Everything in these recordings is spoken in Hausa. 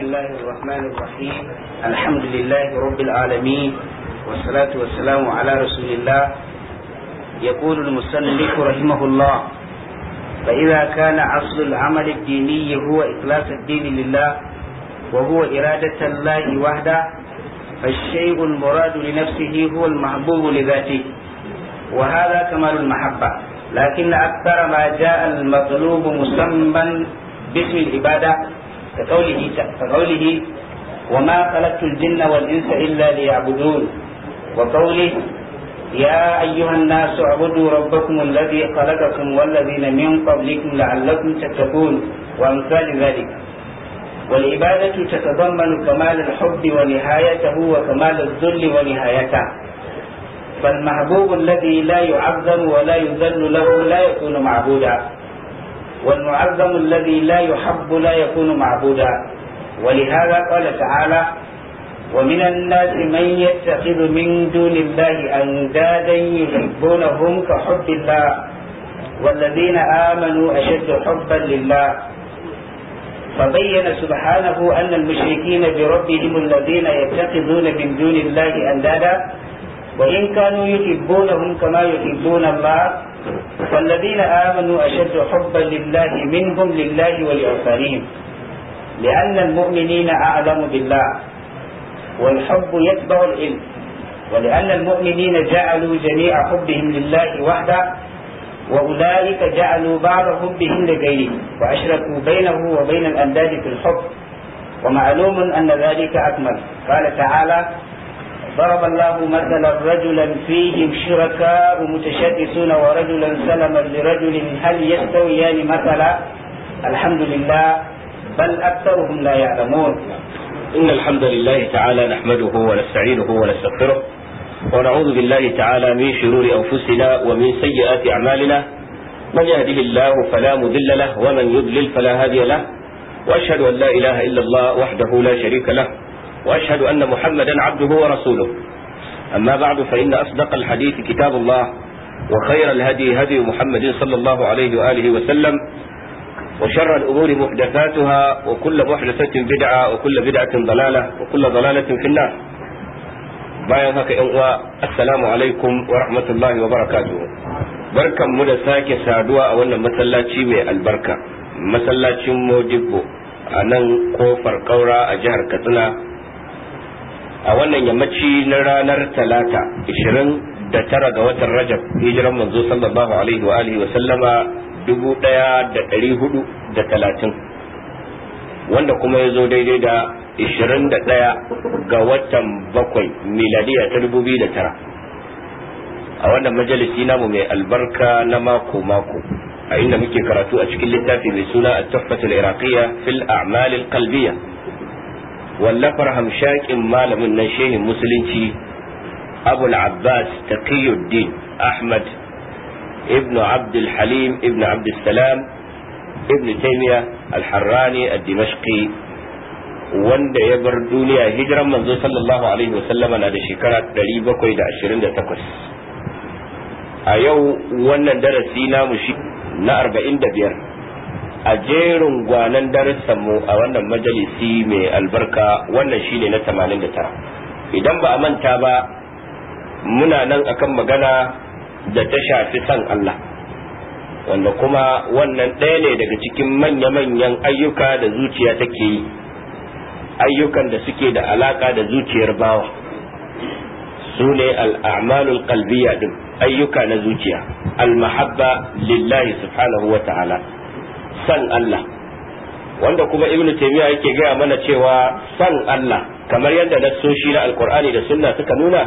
بسم الله الرحمن الرحيم الحمد لله رب العالمين والصلاة والسلام على رسول الله يقول المسلم رحمه الله فإذا كان أصل العمل الديني هو إخلاص الدين لله وهو إرادة الله وحده فالشيء المراد لنفسه هو المحبوب لذاته وهذا كمال المحبة لكن أكثر ما جاء المطلوب مسمى باسم العبادة كقوله كقوله وما خلقت الجن والإنس إلا ليعبدون وقوله يا أيها الناس اعبدوا ربكم الذي خلقكم والذين من قبلكم لعلكم تتقون وأمثال ذلك والعبادة تتضمن كمال الحب ونهايته وكمال الذل ونهايته فالمحبوب الذي لا يعظم ولا يذل له لا يكون معبودا والمعظم الذي لا يحب لا يكون معبودا ولهذا قال تعالى ومن الناس من يتخذ من دون الله أندادا يحبونهم كحب الله والذين آمنوا أشد حبا لله فبين سبحانه أن المشركين بربهم الذين يتخذون من دون الله أندادا وإن كانوا يحبونهم كما يحبون الله فالذين آمنوا أشد حبا لله منهم لله ولآخرين لأن المؤمنين أعلم بالله والحب يتبع العلم ولأن المؤمنين جعلوا جميع حبهم لله وحده وأولئك جعلوا بعض حبهم لغيره وأشركوا بينه وبين الأنداد في الحب ومعلوم أن ذلك أكمل قال تعالى ضرب الله مثلا رجلا فيهم شركاء متشدثون ورجلا سلما لرجل هل يستويان مثلا الحمد لله بل أكثرهم لا يعلمون إن الحمد لله تعالى نحمده ونستعينه ونستغفره ونعوذ بالله تعالى من شرور أنفسنا ومن سيئات أعمالنا من يهده الله فلا مضل له ومن يضلل فلا هادي له وأشهد أن لا إله إلا الله وحده لا شريك له وأشهد أن محمدا عبده ورسوله أما بعد فإن أصدق الحديث كتاب الله وخير الهدي هدي محمد صلى الله عليه وآله وسلم وشر الأمور محدثاتها وكل محدثة بدعة وكل بدعة ضلالة وكل ضلالة في النار bayan haka yan uwa assalamu alaikum wa rahmatullahi wa barakatuhu barkan mu da sake saduwa a wannan masallaci mai albarka masallacin modibbo a nan kofar kaura a jihar katsina a wannan yammaci na ranar talata 29 ga watan rajab hijiran manzo sallallahu alaihi wa alihi wa sallama 1430 wanda kuma ya zo daidai da 21 ga watan bakwai miladiya ta 2009 a wannan majalisi namu mai albarka na mako-mako a inda muke karatu a cikin littafi mai suna a tuffatul iraqiyya fil a'malil qalbiyya wallafar hamshakin malamin nan shehin musulunci abul abbas taqiyuddin ahmad ibn abd halim ibn abd salam ibn taymiya al-harrani ad-dimashqi wanda ya bar duniya hijiran manzo sallallahu alaihi wasallama na da shekara 728 a yau wannan darasi namu shi na 45 a jerin gwanan mu a wannan majalisi mai albarka wannan shine na 89 idan ba a manta ba muna nan akan magana da ta shafi san Allah wanda kuma wannan ɗaya ne daga cikin manya-manyan ayyuka da zuciya take yi ayyukan da suke da alaka da zuciyar bawa su ne al'amalul qalbiyya din ayyuka na zuciya al-mahabba lillahi subhanahu wa ta'ala san Allah wanda kuma ibn taymiya yake gaya mana cewa san Allah kamar yadda nassoshi na alkur'ani da sunna suka nuna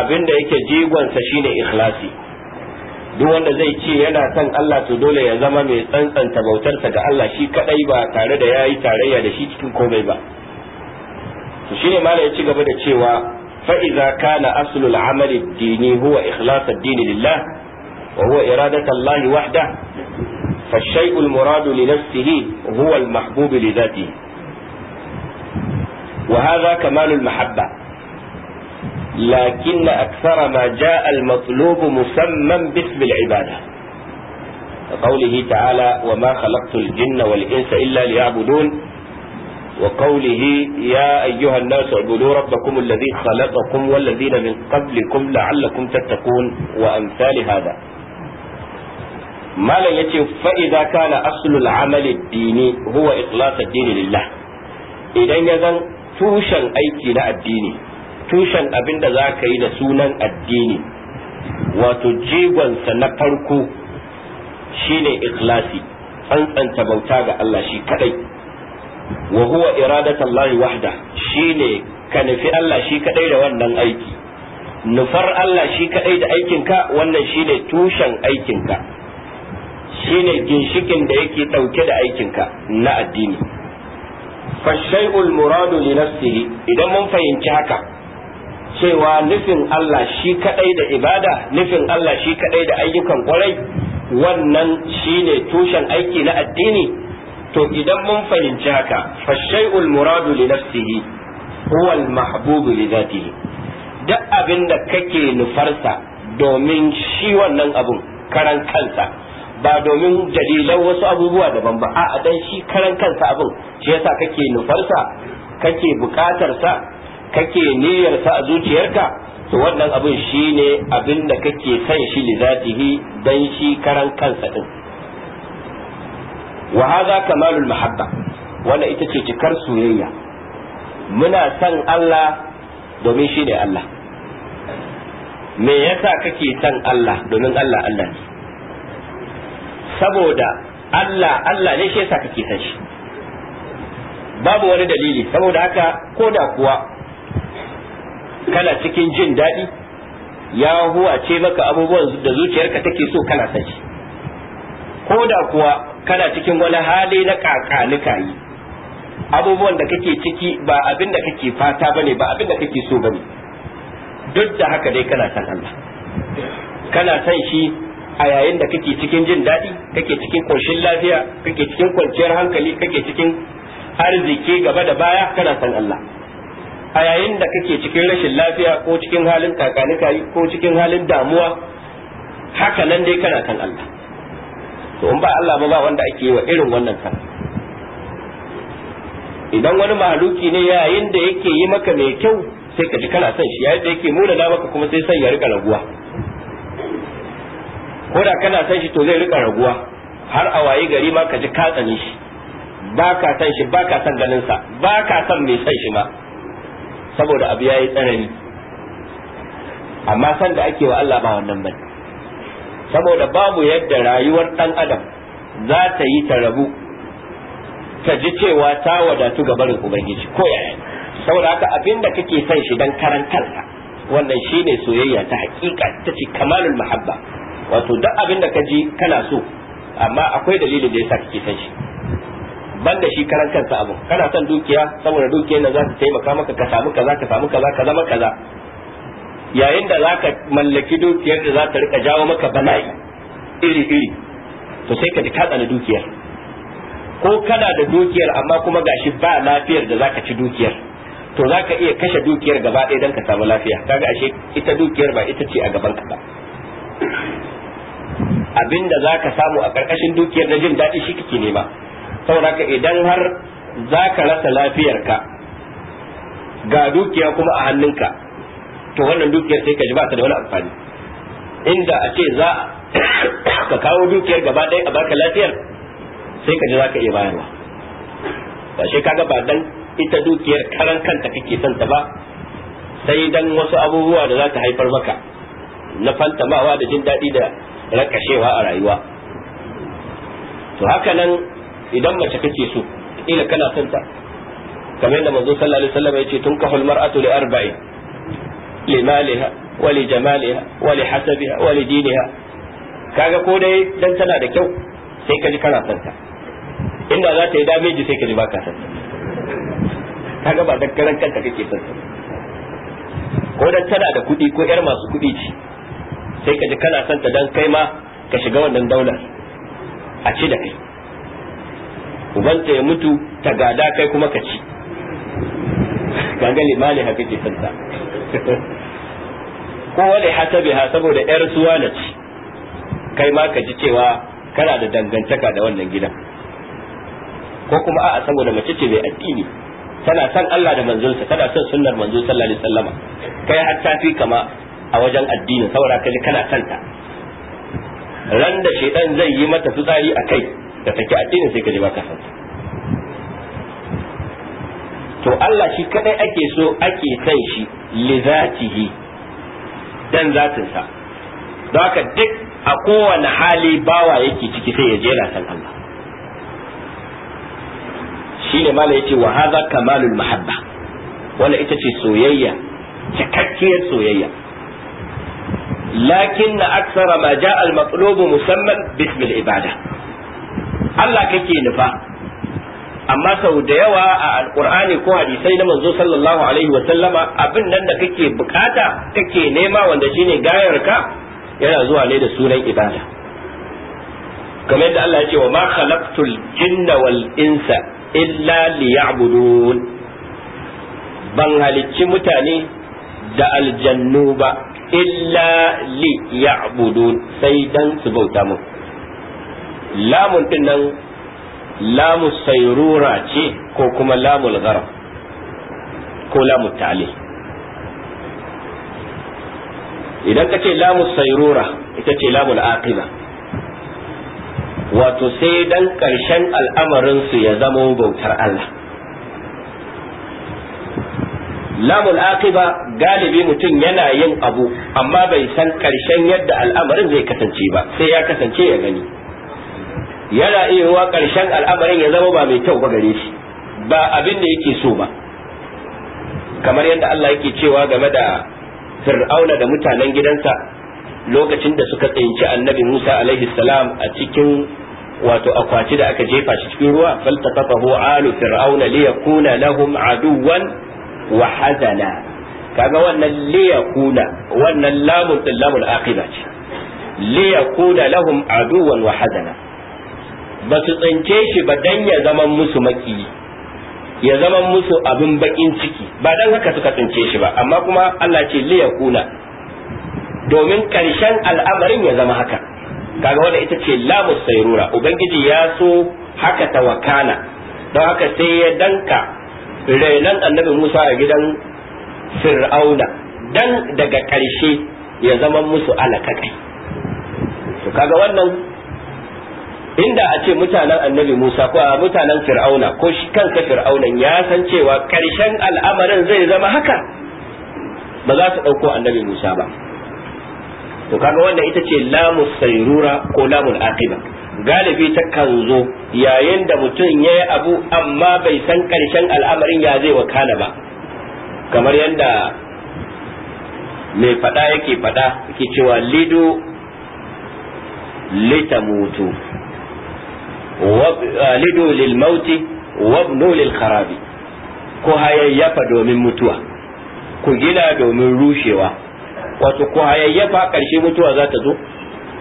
abinda yake jigonsa shine ikhlasi duk wanda zai ce yana san Allah to dole ya zama mai tsantsanta bautarsa ga Allah shi kadai ba tare da yayi tarayya da shi cikin komai ba to shine mala ya ci gaba da cewa fa iza kana aslul amali dini huwa ikhlasu dini lillah wa huwa iradatu Allah wahda فالشيء المراد لنفسه هو المحبوب لذاته وهذا كمال المحبة لكن أكثر ما جاء المطلوب مسمى باسم العبادة قوله تعالى وما خلقت الجن والإنس إلا ليعبدون وقوله يا أيها الناس اعبدوا ربكم الذي خلقكم والذين من قبلكم لعلكم تتقون وأمثال هذا malam yace fa idza kana aslul amali dini huwa ikhlas ad-dini lillah idan ya zan tushen aiki na addini tushen abinda za ka yi da sunan addini wato jigonsa na farko shine ikhlasi tsantsanta bauta ga Allah shi kadai wa huwa iradatu Allah wahda shine ka nufi Allah shi kadai da wannan aiki nufar Allah shi kadai da aikinka wannan shine tushen aikinka shine ginshikin da yake ɗauke da aikinka na addini fashai'ul muradu li nafsihi idan mun fahimci haka cewa nufin Allah shi kadai da ibada nufin Allah shi kadai da ayyukan kwarai wannan shine tushen aiki na addini to idan mun fahimci haka fashai'ul muradu li nafsihi huwa al mahbub li dhatihi duk abinda da kake nufarsa domin shi wannan abun karan kansa ba domin dalilan wasu abubuwa daban ba a dan shi karan kansa abin shi yasa kake nufarsa kake bukatarsa kake niyyarsa a zuciyarka to wannan abin shi ne abin da kake san shi lizatihi dan shi karan kansa din wa hadha kamalul mahabba wannan ita ce cikar soyayya muna san Allah domin shi ne Allah me yasa kake san Allah domin Allah Allah ne saboda Allah Allah ne shi yasa kake san shi babu wani dalili saboda haka ko da kuwa kana cikin jin daɗi ya huwace maka abubuwan da zuciyarka take so kana san shi ko kuwa kana cikin wani hali na kakanuka yi abubuwan da kake ciki ba abin da kake fata bane ba abin da kake so bane duk da haka dai kana san Allah kana san shi a yayin da kake cikin jin daɗi kake cikin ƙoshin lafiya kake cikin kwanciyar hankali kake cikin arziki gaba da baya kana san Allah a yayin da kake cikin rashin lafiya ko cikin halin kakanikari ko cikin halin damuwa haka nan dai kana san Allah to in ba Allah ba ba wanda ake yi wa irin wannan kan idan wani mahaluki ne yayin da yake yi maka mai kyau sai ka ji kana son shi yayin da yake muna maka kuma sai son ya riga raguwa ko da kana san shi to zai rika raguwa har a wayi gari ma ka ji ka tsani shi ba ka san shi ba ka san ganin sa ba ka san mai san shi ma saboda abu yayi tsanani amma san da ake wa Allah ba wannan bane saboda babu yadda rayuwar dan adam za ta yi ta rabu ta ji cewa ta wadatu ga barin ubangiji ko yaya saboda haka abinda kake san shi dan karantar wannan shine soyayya ta hakika ta ce kamalul mahabba wato duk abin da ka ji kana so amma akwai dalilin da yasa kake son shi ban da shi karan kansa abu kana son dukiya saboda dukiyar nan za ta taimaka maka ka samu kaza ka samu kaza ka zama kaza yayin da zaka mallaki dukiyar da za ta rika jawo maka bala'i iri iri to sai ka ji katsana dukiyar ko kana da dukiyar amma kuma gashi ba lafiyar da zaka ci dukiyar to zaka iya kashe dukiyar gaba ɗaya don ka samu lafiya kaga ashe ita dukiyar ba ita ce a gaban ka ba da za ka samu a ƙarƙashin dukiyar na jin daɗi shi kake nema saboda ka idan har za ka rasa lafiyarka ga dukiya kuma a hannunka to wannan dukiyar sai ka ji ba ta da wani amfani inda a ce za ka kawo dukiyar gaba ɗaya a baka lafiyar sai ka ji za ka iya bayarwa ba shi kaga ba dan ita dukiyar karan kanta kake son ta ba sai dan wasu abubuwa da za ta haifar maka na fantamawa da jin daɗi da rakashewa a rayuwa to haka nan idan mace kake so ila kana son ta kamar yadda manzo sallallahu alaihi wasallam yace tunkahul mar'atu li arba'in li maliha wa li jamaliha wa li hasabiha wa li diniha kaga ko dai dan tana da kyau sai ka ji kana son ta inda za ta yi dameji sai ka ji baka son ta kaga ba dakkaran kanta kake son ta ko dan tana da kuɗi ko yar masu kuɗi ce sai ka ji kana son ta dan kai ma ka shiga wannan daular a ci da kai ubanta ya mutu ta gada kai kuma ka ci kaga limani haka ke santa ko wani hasabi ha saboda yar suwa na ci kai ma ka ji cewa kana da dangantaka da wannan gidan ko kuma a'a saboda mace ce mai addini tana son Allah da manzonsa tana son sunnar manzon sallallahu alaihi wasallam kai hatta fi kama a wajen addini saboda kaji kana santa ran da shaidan zai yi mata fitsari a kai da take addini sai kaji baka santa to Allah shi kadai ake so ake san shi li zatihi dan sa don haka duk a kowane hali bawa yake ciki sai ya jera san Allah shine mala yace wa hadha kamalul mahabba wala ita ce soyayya cikakkiyar soyayya lakin na aksara ma ja al musamman bismil ibada Allah kake nufa amma sau da yawa a alqur'ani ko hadisai na manzo sallallahu alaihi wa sallama abin nan da kake bukata kake nema wanda shine gayarka yana zuwa ne da sunan ibada kamar yadda Allah yace wa ma khalaqtul jinna wal insa illa liya'budun ban halicci mutane da aljannu ba illa li ya'budun sai dan su bauta mun lamun din nan lamu sayrura ce ko kuma lamul gharab ko lamu ta'lil idan ka ce lamu sayrura ita ce lamul aqiba wato sai dan karshen al'amarin su ya zama bautar Allah lamul aqiba galibi mutum yana yin abu amma bai san karshen yadda al'amarin zai kasance ba sai ya kasance ya gani yana iya karshen al'amarin ya zama ba mai kyau ba gare shi ba abin da yake so ba kamar yadda Allah yake cewa game da fir'auna da mutanen gidansa lokacin da suka tsinci annabi Musa alaihi salam a cikin wato akwati da aka jefa shi cikin ruwa faltaqafahu alu fir'auna liyakuna lahum aduwan wa hazana kaga wannan liyakuna wannan lamun din lamun aqiba ce liyakuna lahum aduwan wa hazana ba su tsince shi ba dan ya zama musu maki ya zama musu abin bakin ciki ba dan haka suka tsince shi ba amma kuma Allah ce liyakuna domin karshen al'amarin ya zama haka kaga wanda ita ce lamus sairura ubangiji ya so haka ta wakana don haka sai ya danka rainan annabi Musa a gidan Fir'auna dan daga ƙarshe ya zama musu alakakai to kaga wannan inda a ce mutanen annabi Musa ko mutanen Fir'auna ko shi kansa Fir'aunan ya san cewa ƙarshen al'amarin zai zama haka ba za su ɗauko annabi Musa ba to kaga wannan ita ce lamus sayrura ko lamul aqiba galibi ta kan zo yayin da mutum ya yi abu amma bai san ƙarshen al'amarin ya zai wakana ba kamar yadda mai fada yake fada yake cewa lido lita mutu lido lil mauti wabnu lil hayayyafa domin mutuwa ku gina domin rushewa wato ku hayayyafa ƙarshe mutuwa za ta zo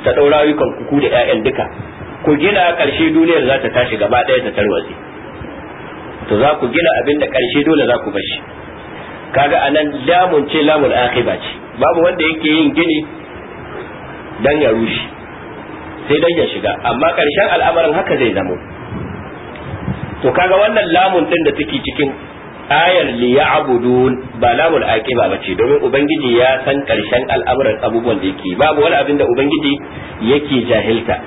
ta ɗaura rayukan kuku da 'ya'yan duka ku gina ƙarshe duniyar za ta tashi gaba ɗaya ta tarwatsi to za ku gina abin da ƙarshe dole za ku bashi kaga anan lamun ce lamun akhiba ce babu wanda yake yin gini dan ya rushe sai dan ya shiga amma ƙarshen al'amarin haka zai zamo to kaga wannan lamun din da take cikin ayar li ya'budun ba lamun aqiba bace domin ubangiji ya san karshen al'amuran abubuwan da yake babu wani abin da ubangiji yake jahilta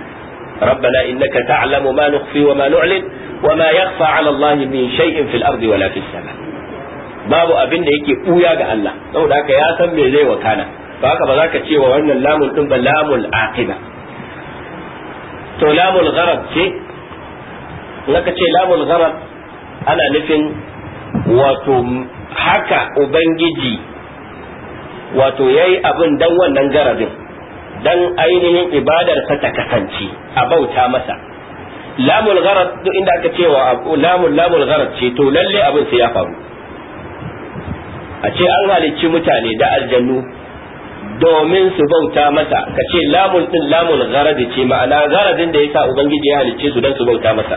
ربنا إنك تعلم ما نخفي وما نعلن وما يخفى على الله من شيء في الأرض ولا في السماء babu abin da yake ɓuya ga Allah saboda haka ya san me zai wakana ba haka ba za ka cewa wannan lamun din ba lamul aqiba to lamul gharab ce naka ce lamul gharab ana nufin wato haka ubangiji wato yayi abin dan wannan garabin dan ainihin ibadarsa ta kasance a bauta masa lamul gharad duk inda aka cewa lamul lamul gharad ce to lalle abin sai ya faru a ce an halicci mutane da aljannu domin su bauta masa ka ce lamul din lamul gharad ce ma'ana gharadin da yasa ubangiji ya halicce su dan su bauta masa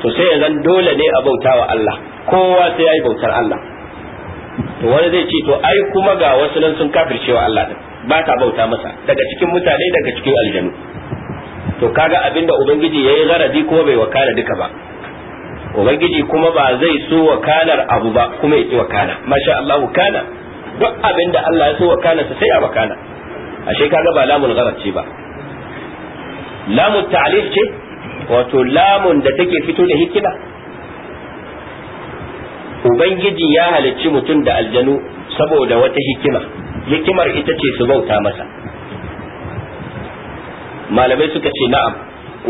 to sai yanzu dole ne a bauta wa Allah kowa sai ya yi bautar Allah to wani zai ce to ai kuma ga wasu nan sun kafircewa Allah din ba ta bauta masa daga cikin mutane daga cikin aljanu to kaga abinda ubangiji yayi garadi ko bai wakala duka ba ubangiji kuma ba zai so wakalar abu ba kuma ya wakala masha Allah wakala duk abinda Allah ya so wakala sai ya wakala ashe kaga ba lamun gharati ba lamun ta'lif ce wato lamun da take fito da hikima ubangiji ya halicci mutum da aljanu saboda wata hikima hikimar ita ce su bauta masa malamai suka ce na'am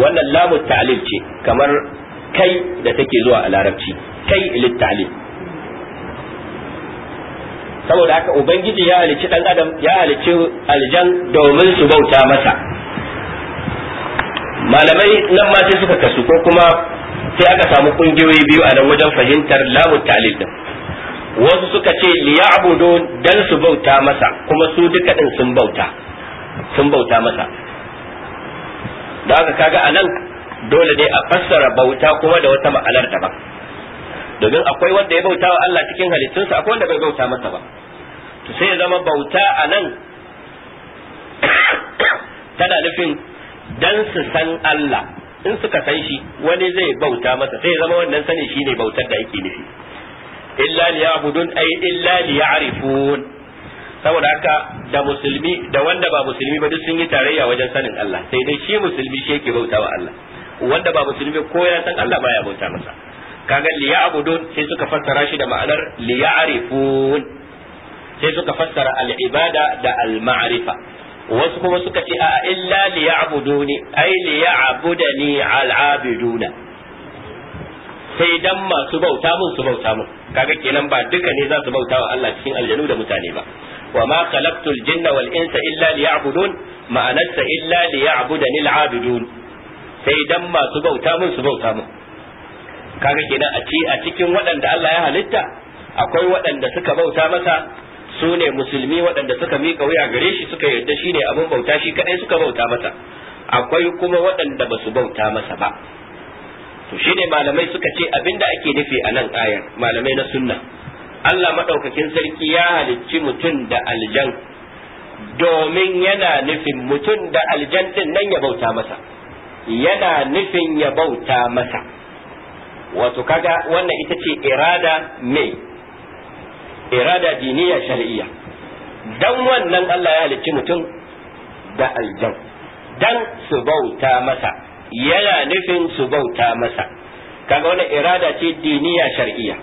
wannan lamu ta'lil ce kamar kai da take zuwa a larabci kai lit ta'lil saboda haka ubangiji ya halicci dan adam ya halicci aljan domin su bauta masa malamai nan ma sai suka kasu ko kuma sai aka samu kungiyoyi biyu a nan wajen fahimtar lamu ta'lil din wasu suka ce liya'budu dan su bauta masa kuma su duka din sun bauta sun bauta masa da aka kaga a nan dole ne a fassara bauta kuma da wata ma'anar ba? domin akwai wanda ya bauta wa Allah cikin halittunsa akwai wanda bai bauta masa ba to sai ya zama bauta a nan tana nufin dan su san Allah in suka san shi wani zai bauta masa sai ya zama wannan sani ne bautar da ake nufi illa liya'budun ay illa liya'rifun saboda haka da musulmi da wanda ba musulmi ba duk sun yi tarayya wajen sanin Allah sai dai shi musulmi shi yake bautawa Allah wanda ba musulmi ko ya san Allah baya bauta masa kaga liya'budun sai suka fassara shi da ma'anar liya'rifun sai suka fassara al-ibada da al-ma'rifa wasu kuma suka ce a illa liya'buduni ay liya'budani al-abiduna sai dan masu bauta mun su bauta mun kaga kenan ba duka ne za su bauta wa Allah cikin aljanu da mutane ba wa ma khalaqtul jinna wal insa illa liya'budun ma'anarsa illa liya'budani al'abidun sai dan masu bauta mun su bauta mun kaga kenan a ci a cikin waɗanda Allah ya halitta akwai waɗanda suka bauta masa su ne musulmi waɗanda suka miƙa wuya gare shi suka yarda shi ne abin bauta shi kaɗai suka bauta masa akwai kuma waɗanda ba su bauta masa ba to shi ne malamai suka ce abinda ake nufi a nan ayar malamai na sunna Allah madaukakin sarki ya halicci mutum da aljan domin yana nufin mutum da aljan din nan ya bauta masa yana nufin ya bauta masa wato kaga wannan ita ce irada mai irada diniya shar'iyya dan wannan Allah ya halicci mutum da aljan dan su bauta masa yana nufin su bauta masa kaga wannan irada ce diniya shar'iyya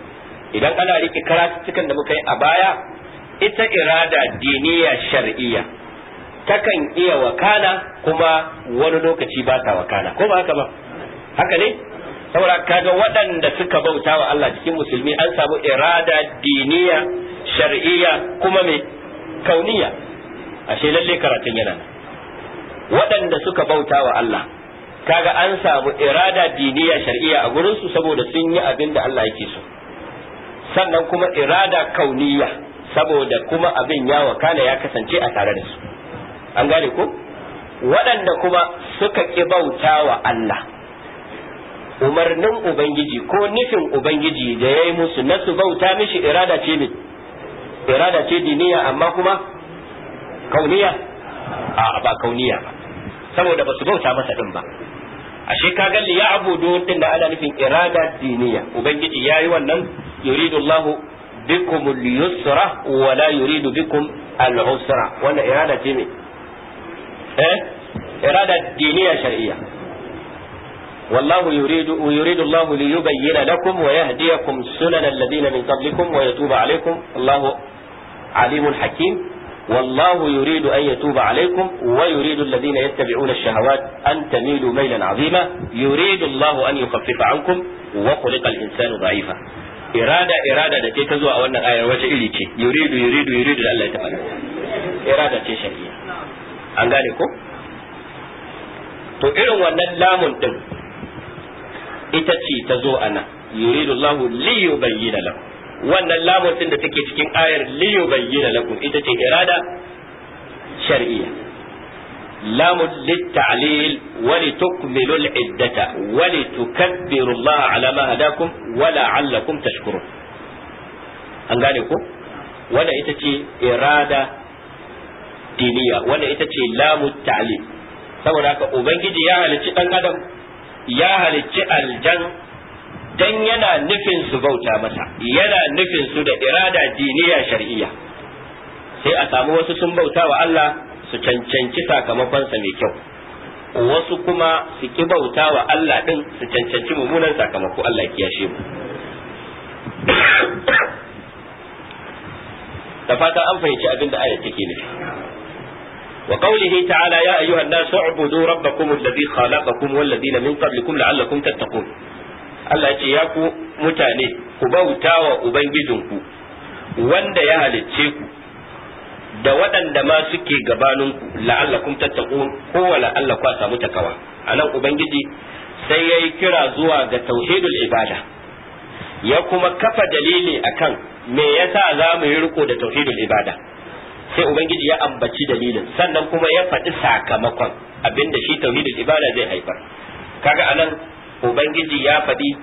idan ana riƙe karatuttukan da muka yi a baya ita irada diniya shar'iyya takan iya wakana kuma wani lokaci ba ta wakana ko ba haka ba haka ne saboda kaga waɗanda suka bauta wa Allah cikin musulmi an samu irada diniya shar'iyya kuma mai kauniya ashe lalle karatun yana waɗanda suka bauta wa Allah kaga an samu irada diniya shar'iyya a gurin su saboda sun yi abin da Allah yake so sannan kuma irada kauniya saboda kuma abin ya wakana ya kasance a tare da su an gane ko waɗanda kuma suka ki bauta wa Allah umarnin ubangiji ko nufin ubangiji da ya yi musu na su bauta mishi irada ce ne irada ce diniya amma kuma kauniya a ba kauniya ba saboda ba su bauta masa din ba ashe kaga li ya'budu din da ana nufin irada diniya ubangiji yayi wannan yuridu Allahu bikum al-yusra wa la yuridu bikum al-usra wannan irada ce me eh irada diniya shar'iyya والله يريد ويريد الله ليبين لكم ويهديكم سنن الذين من قبلكم ويتوب عليكم الله عليم حكيم والله يريد أن يتوب عليكم ويريد الذين يتبعون الشهوات أن تميلوا ميلا عظيما يريد الله أن يخفف عنكم وخلق الإنسان ضعيفا إرادة إرادة التي تزوى أولا آية إلي وجعلك يريد يريد يريد أن لا يتبعون إرادة شهية أن ذلك تقولوا أن اللام إتتي تزوى أنا يريد الله ليبين لكم wannan lamun din da take cikin ayar li yubayyana lakum ita ce irada shar'iyya lamun litta'lil wa litukmilu al-iddata wa litukabbiru Allah ala ma hadakum wa la'allakum tashkurun an gane ko wannan ita ce irada diniya wannan ita ce lamun ta'lil saboda haka ubangiji ya halicci dan adam ya halicci aljan dan yana nufin su bauta masa yana nufin su da irada diniya shar'iyya sai a samu wasu sun bauta wa Allah su cancanci sakamakonsa mai kyau wasu kuma su ki bauta wa Allah din su cancanci mummunan sakamako Allah ya kiyashe mu da fatan an fahimci abin da ayat take nufi wa qawlihi ta'ala ya ayyuhan nas u'budu rabbakum alladhi khalaqakum wal min qablikum la'allakum tattaqun Allah ce ya ku mutane ku bauta wa ubangijinku wanda ya halicce ku da waɗanda ma suke gabaninku la'allakum tattaqun ko la'allaku a samu takawa anan ubangiji sai yayi kira zuwa ga tauhidul ibada ya kuma kafa dalili akan me yasa za mu yi riko da tauhidul ibada sai ubangiji ya ambaci dalilin sannan kuma ya faɗi sakamakon abinda shi tauhidul ibada zai haifar kaga anan ubangiji ya faɗi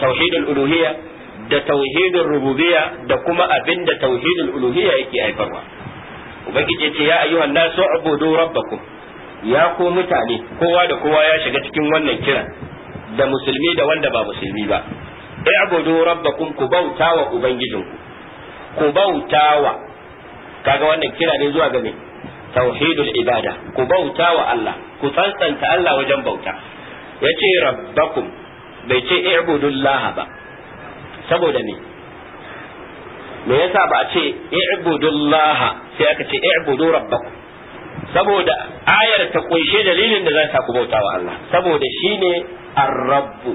tauhidul uluhiyya da tauhidul rububiyya da kuma abin da tauhidul uluhiyya yake haifarwa ubangiji ce ya ayyuhan nasu ubudu rabbakum ya ko mutane kowa da kowa ya shiga cikin wannan kiran da musulmi da wanda ba musulmi ba i'budu rabbakum ku bautawa ubangijinku ku bautawa kaga wannan kira ne zuwa ga me tauhidul ibada ku bautawa Allah ku tsantsanta Allah wajen bauta yace rabbakum bai ce i'budullaha ba saboda me me yasa ba a ce i'budullaha sai aka ce i'budu rabbakum saboda ayar ta kunshe dalilin da za ta ku bautawa Allah saboda shine ar-rabbu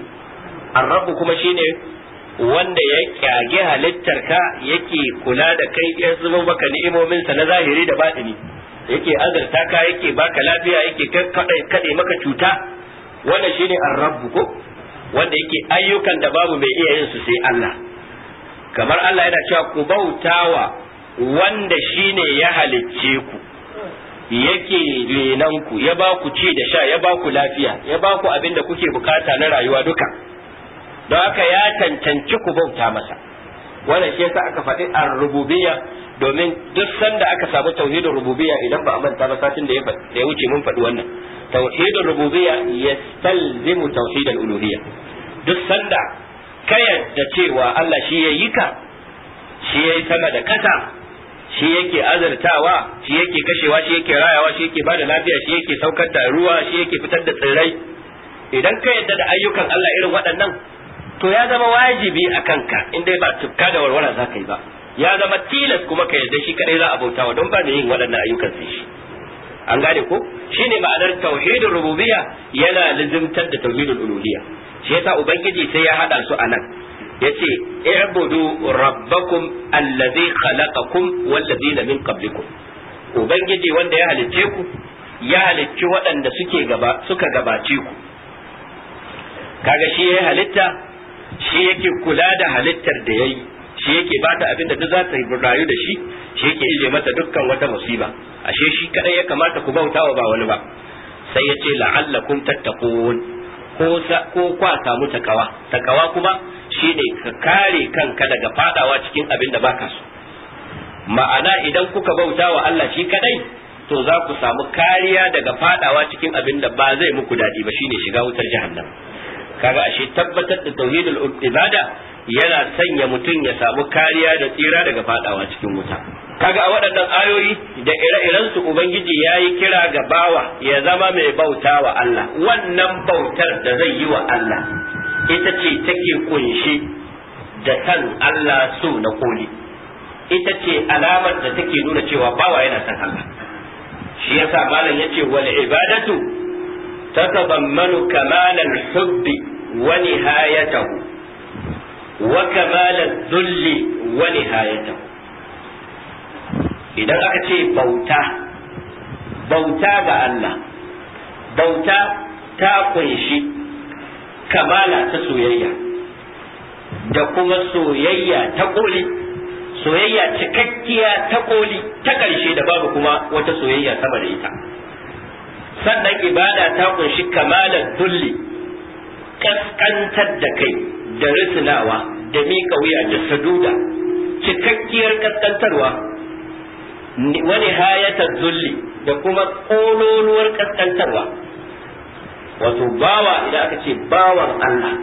ar-rabbu kuma shine wanda ya kyage halittar ka yake kula da kai ya zubo maka ni'imomin sa na zahiri da batini yake azurta ka yake baka lafiya yake kade maka cuta wannan shine ar rabbu ko wanda yake ayyukan da babu mai iya yin su sai Allah kamar Allah yana cewa ku bautawa wanda shine ya halicce ku yake renan ku ya ba ku ci da sha ya ba ku lafiya ya ba ku abin da kuke bukata na rayuwa duka don haka ya cancanci ku bauta masa wannan shi yasa aka faɗi ar-rububiyya domin duk sanda aka samu tauhidin rububiyya idan ba a manta ba satin da ya wuce mun faɗi wannan tauhidul rububiyya yastalzimu tauhidul uluhiyya duk sanda ka yadda cewa Allah shi ya yi ka shi ya yi sama da kasa shi yake azartawa shi yake kashewa shi yake rayawa shi yake bada lafiya shi yake saukar da ruwa shi yake fitar da tsirrai idan ka yadda da ayyukan Allah irin waɗannan to ya zama wajibi a kanka in dai ba tukka da warwara za ka yi ba ya zama tilas kuma ka yadda shi kadai za a bautawa don ba da yin waɗannan ayyukan sai shi an gane ko shine ma'anar tauhidin rububiya? yana lizimtar da tauhidul uluhiyya shi yasa ubangiji sai ya hada su anan ce, i'budu rabbakum allazi khalaqakum wallazina min qablikum ubangiji wanda ya halicce ku ya halicci waɗanda suke gaba suka gabace ku kaga shi ya halitta shi yake kula da halittar da yayi shi yake bata abin da duk za ta rayu da shi shi yake ije mata dukkan wata musiba ashe shi kadai ya kamata ku bautawa ba wani ba sai ya ce la'allakum tattaqun ko ko kwa samu takawa takawa kuma shine ka kare kanka daga fadawa cikin abin da baka so ma'ana idan kuka bauta wa Allah shi kadai to za ku samu kariya daga fadawa cikin abin da ba zai muku dadi ba shine shiga wutar jahannam kaga ashe tabbatar da tauhidul ibada yana sanya mutum ya samu kariya da tsira daga fadawa cikin wuta kaga a waɗannan ayoyi da ire-irensu ubangiji ya yi kira ga bawa ya zama mai bauta wa Allah wannan bautar da zai yi wa Allah ita ce take kunshi da san Allah so na koli ita ce alamar da take nuna cewa bawa yana san Allah shi yasa malam yace wal ibadatu tatadammanu kamalan hubbi wa nihayatahu wa kamalal dhulli idan aka ce bauta bauta ga Allah bauta ta kunshi kamala ta soyayya da kuma soyayya ta koli soyayya cikakkiya ta koli ta ƙarshe da babu kuma wata soyayya sama da ita sannan ibada ta kunshi kamalar dulli kaskantar da kai da rusunawa da miƙa wuya da saduda cikakkiyar kaskantarwa wani hayatar zulli da kuma kololuwar kaskantarwa wato bawa idan aka ce bawan Allah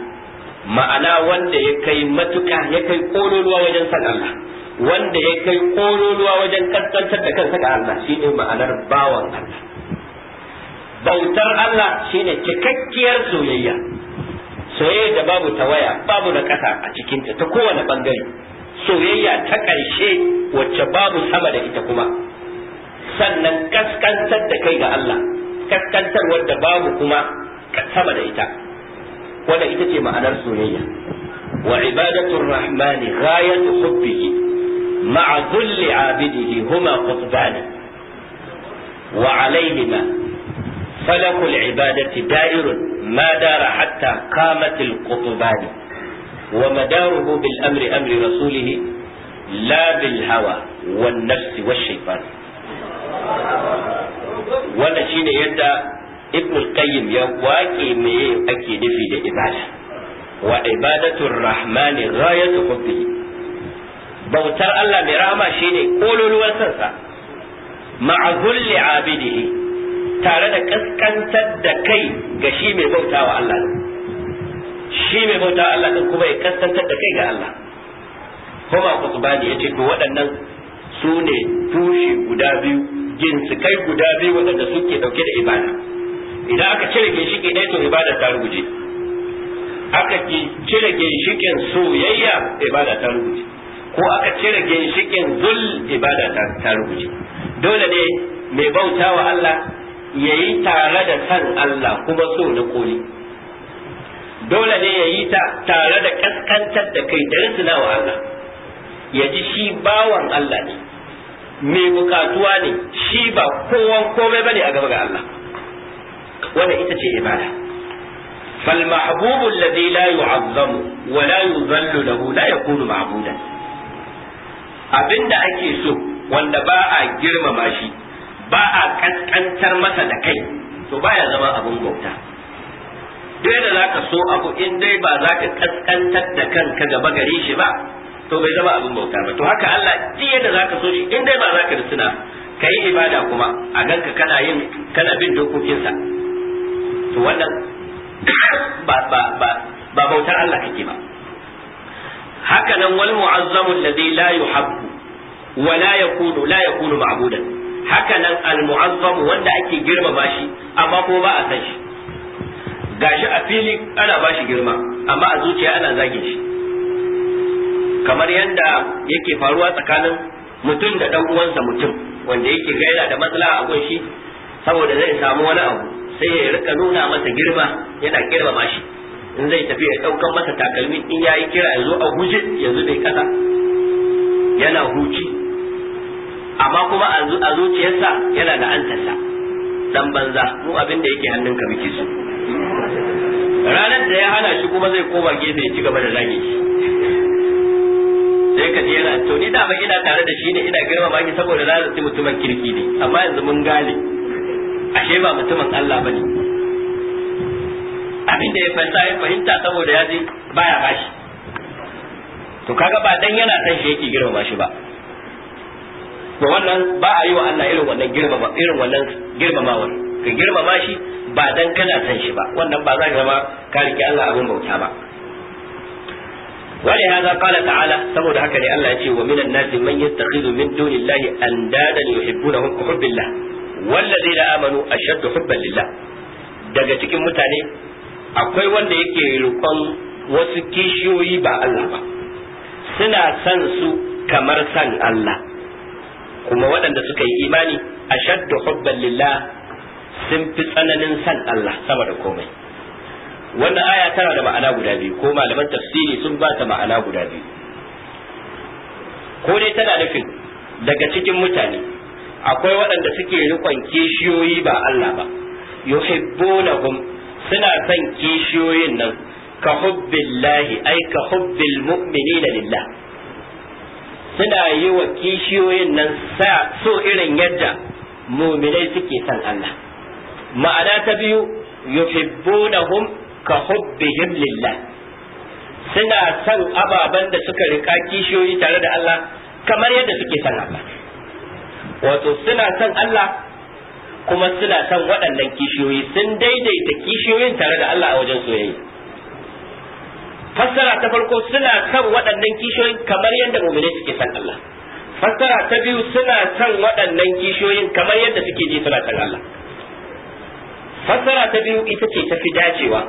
ma'ana wanda ya kai matuka ya kai kololuwa wajen san Allah wanda ya kai kololuwa wajen kaskantar da kansa ga Allah shi ne ma'anar bawan Allah bautar Allah shi ne cikakkiyar soyayya soyayya da babu tawaya babu na ƙasa a cikinta ta kowane ɓangare soyayya ta ƙarshe wacce babu sama da ita kuma sannan kaskantar da kai ga Allah kaskantar wadda babu kuma sama da ita wanda ita ce ma'anar soyayya wa ibadatu rahmani ghayatu hubbihi ma'a dhulli abidihi huma qutbani wa alaihima falakul ibadati da'irun ma dara hatta kamatil qutubani wa madaruhu bil amri amri rasulihi la bil hawa nafsi wannan shine yadda ibn qayyim ya waƙe me ake nufi da ibada wa ibadatur rahmani ghayatu hubbihi bautar Allah mai rahama shine kololuwar sansa ma'a kulli abidihi tare da kaskantar da kai ga shi mai bautawa Allah din shi mai wa Allah din kuma ya kaskantar da kai ga Allah kuma kutubani yace to waɗannan su ne tushe guda biyu kai guda biyu waɗanda suke dauke da ibada idan aka cire ginshiki ɗaya to ibada ta ruguje aka cire ginshiƙin soyayya ibada ta ruguje ko aka cire ginshiƙin zul ibada ta ruguje dole ne mai bautawa Allah yayi tare da san Allah kuma so na koli dole ne yayi ta tare da kaskantar da kai da risina wa Allah ya ji shi bawan Allah ne mai bukatuwa ne shi ba kowan komai bane a gaba ga Allah wannan ita ce ibada فالمحبوب الذي لا يعظم ولا يذل له لا يكون معبودا abinda ake so wanda ba a girmama shi ba a kaskantar masa da kai to baya zama abin bauta duk da zaka so abu in dai ba za ka kaskantar da kanka gaba gare shi ba to bai zama abin bauta ba to haka Allah duk yadda zaka so shi in dai ba za ka rusuna ka yi ibada kuma a ganka kana yin kana bin dokokinsa to wannan ba ba ba ba bautar Allah kake ba haka nan wal mu'azzamu alladhi la yuhabbu wa la yakunu la yakunu ma'budan haka nan al wanda ake girma shi amma ko ba a san shi gashi a fili ana bashi girma amma a zuciya ana zage shi kamar yadda yake faruwa tsakanin mutum da dan uwansa mutum wanda yake gaira da matsala a shi saboda zai samu wani abu sai ya rika nuna masa girma yana girma shi in zai tafi ya daukan masa takalmi in yayi kira ya zo a guje ya kasa yana huci amma kuma a zuciyarsa yana da antasa dan banza mu abin da yake hannun ka muke so ranar da ya hana shi kuma zai koma gefe ya ci gaba da zage shi sai ka je yana to ni da ba ina tare da shi ne ina ba ki saboda na zaci mutumin kirki ne amma yanzu mun gane ashe ba mutumin Allah bane abin da ya fahimta ya fahimta saboda ya ji baya bashi to kaga ba dan yana san shi yake girma shi ba to wannan ba a yi wa Allah irin wannan girmama irin wannan girmamawar ka girmama shi ba dan kana san shi ba wannan ba za ka zama ka rike Allah abin bauta ba ولهذا قال تعالى سبب هكذا الله يتي ومن الناس من يتخذ من دون الله أندادا يحبونهم كحب da amanu a أشد حبا لله daga cikin mutane akwai wanda yake rikon wasu kishiyoyi ba Allah ba suna san su kamar san Allah kuma waɗanda suka yi imani ashaddu hubban lillah sun fi tsananin san Allah sama da komai wannan aya tana da ma'ana guda biyu ko malaman tafsiri sun ba ta ma'ana guda biyu ko dai tana nufin daga cikin mutane akwai waɗanda suke rikon kishiyoyi ba Allah ba yuhibbunahum suna son kishiyoyin nan ka hubbillahi ai ka hubbil mu'minina lillah suna yi wa kishiyoyin nan sa so irin yadda muminai suke san Allah ma'ana ta biyu yuhibbunahum ka hubbihim lillah suna san ababen da suka rika kishiyoyi tare da Allah kamar yadda suke san Allah wato suna san Allah kuma suna san waɗannan kishiyoyi sun daidaita kishiyoyin tare da Allah a wajen soyayya fassara ta farko suna son waɗannan kishiyoyin kamar yadda mu'mini suke san Allah fassara ta biyu suna son waɗannan kishiyoyin kamar yadda suke ji suna san Allah fassara ta biyu ita ce ta fi dacewa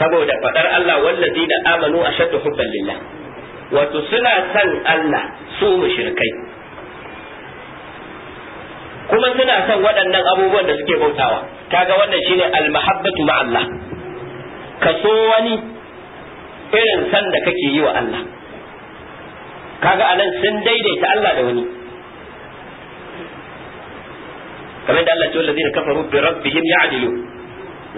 saboda faɗar Allah wallazi da amanu ashaddu hubban lillah wato suna san Allah su mushrikai kuma suna son waɗannan abubuwan da suke bautawa kaga wannan shine al-mahabbatu ma'allah ka so wani irin san da kake yi wa Allah kaga anan sun daidaita Allah da wani kamar da Allah ce wallazina kafaru bi rabbihim ya'dilu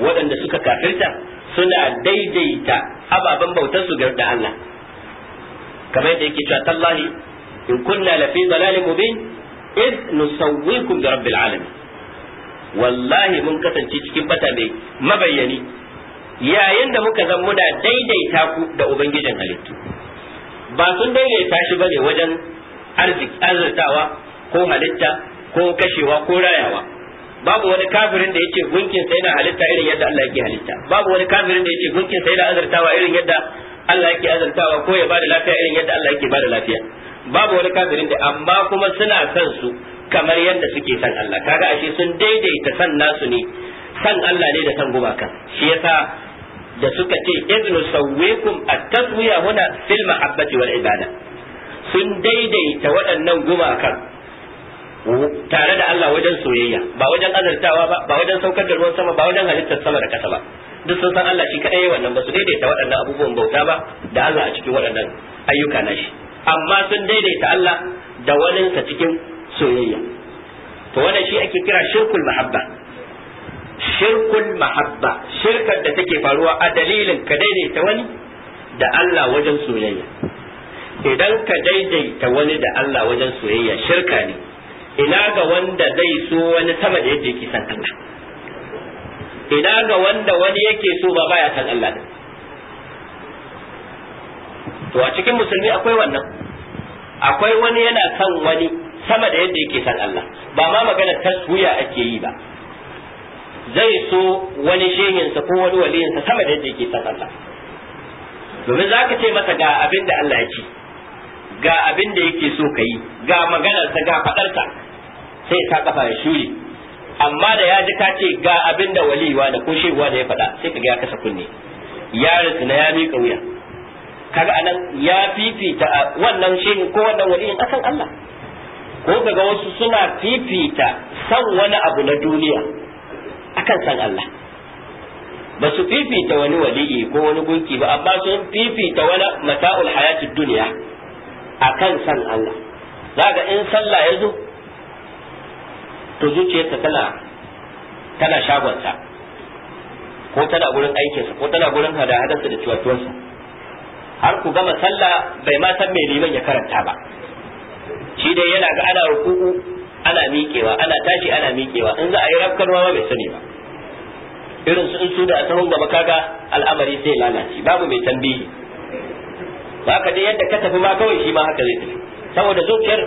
waɗanda suka kafirta suna daidaita ababen bautar su da Allah kamar yadda yake cewa tallahi in kunna lafi dalalin mubin id nusawwikum bi rabbil alamin wallahi mun kasance cikin bata mai mabayyani yayin da muka zan muna daidaita ku da ubangijin halittu ba sun daidaita shi bane wajen arzikawa ko halitta ko kashewa ko rayawa babu wani kafirin da yake gunkin sai na halitta irin yadda Allah yake halitta babu wani kafirin da yake gunkin sai na azurtawa irin yadda Allah yake azurtawa ko ya bada lafiya irin yadda Allah yake bada lafiya babu wani kafirin da amma kuma suna san su kamar yadda suke san Allah kaga ashe sun daidaita san nasu ne san Allah ne da san gumakan shi yasa da suka ce iznu sawwikum at-taswiya huna fil mahabbati wal ibada sun daidaita waɗannan gumakan tare da Allah wajen soyayya ba wajen azartawa ba ba wajen saukar da ruwan sama ba wajen halittar sama da kasa ba duk sun san Allah shi kadai wannan ba su daidaita waɗannan abubuwan bauta ba da Allah a cikin waɗannan ayyuka na shi amma sun daidaita Allah da waninsa cikin soyayya to wannan shi ake kira shirkul mahabba shirkul mahabba shirkar da take faruwa a dalilin ka daidaita wani da Allah wajen soyayya idan ka daidaita wani da Allah wajen soyayya shirka ne ina ga wanda zai so wani sama da yadda yake san Allah ina ga wanda wani yake so ba baya san Allah ne to a cikin musulmi akwai wannan akwai wani yana san wani sama da yadda yake san Allah ba ma magana taswiya ake yi ba zai so wani shehinsa ko wani waliyinsa sama da yadda yake Allah. domin za ka ce masa ga abin da Allah ya ce ga abin da yake so ka yi ga maganarsa ga faɗarsa sai ka kafa ya shuri amma da ya ji ka ce ga abin da waliwa da ko shehuwa da ya faɗa sai ka ga ya kasa kunne ya na ya miƙa wuya kaga anan ya fifita wannan shehin ko wannan waliyin akan Allah ko daga wasu suna fifita san wani abu na duniya akan san Allah ba su fifita wani wali'i ko wani gunki ba amma sun fifita wani mata'ul hayatid duniya akan san Allah zaga in sallah ya zo to zuciyarsa tana tana shagonsa ko tana gurin aikinsa ko tana gurin hada-hadarsa da ciwatuwarsa har ku gama sallah bai ma san mai liman ya karanta ba shi dai yana ga ana ruku'u ana miƙewa ana tashi ana miƙewa in za a yi rafkarwa ba bai sani ba irin su in su da sahun gaba kaga al'amari sai lalace babu mai tambayi ba ka dai yadda ka tafi ma kawai shi ma haka zai tafi saboda zuciyar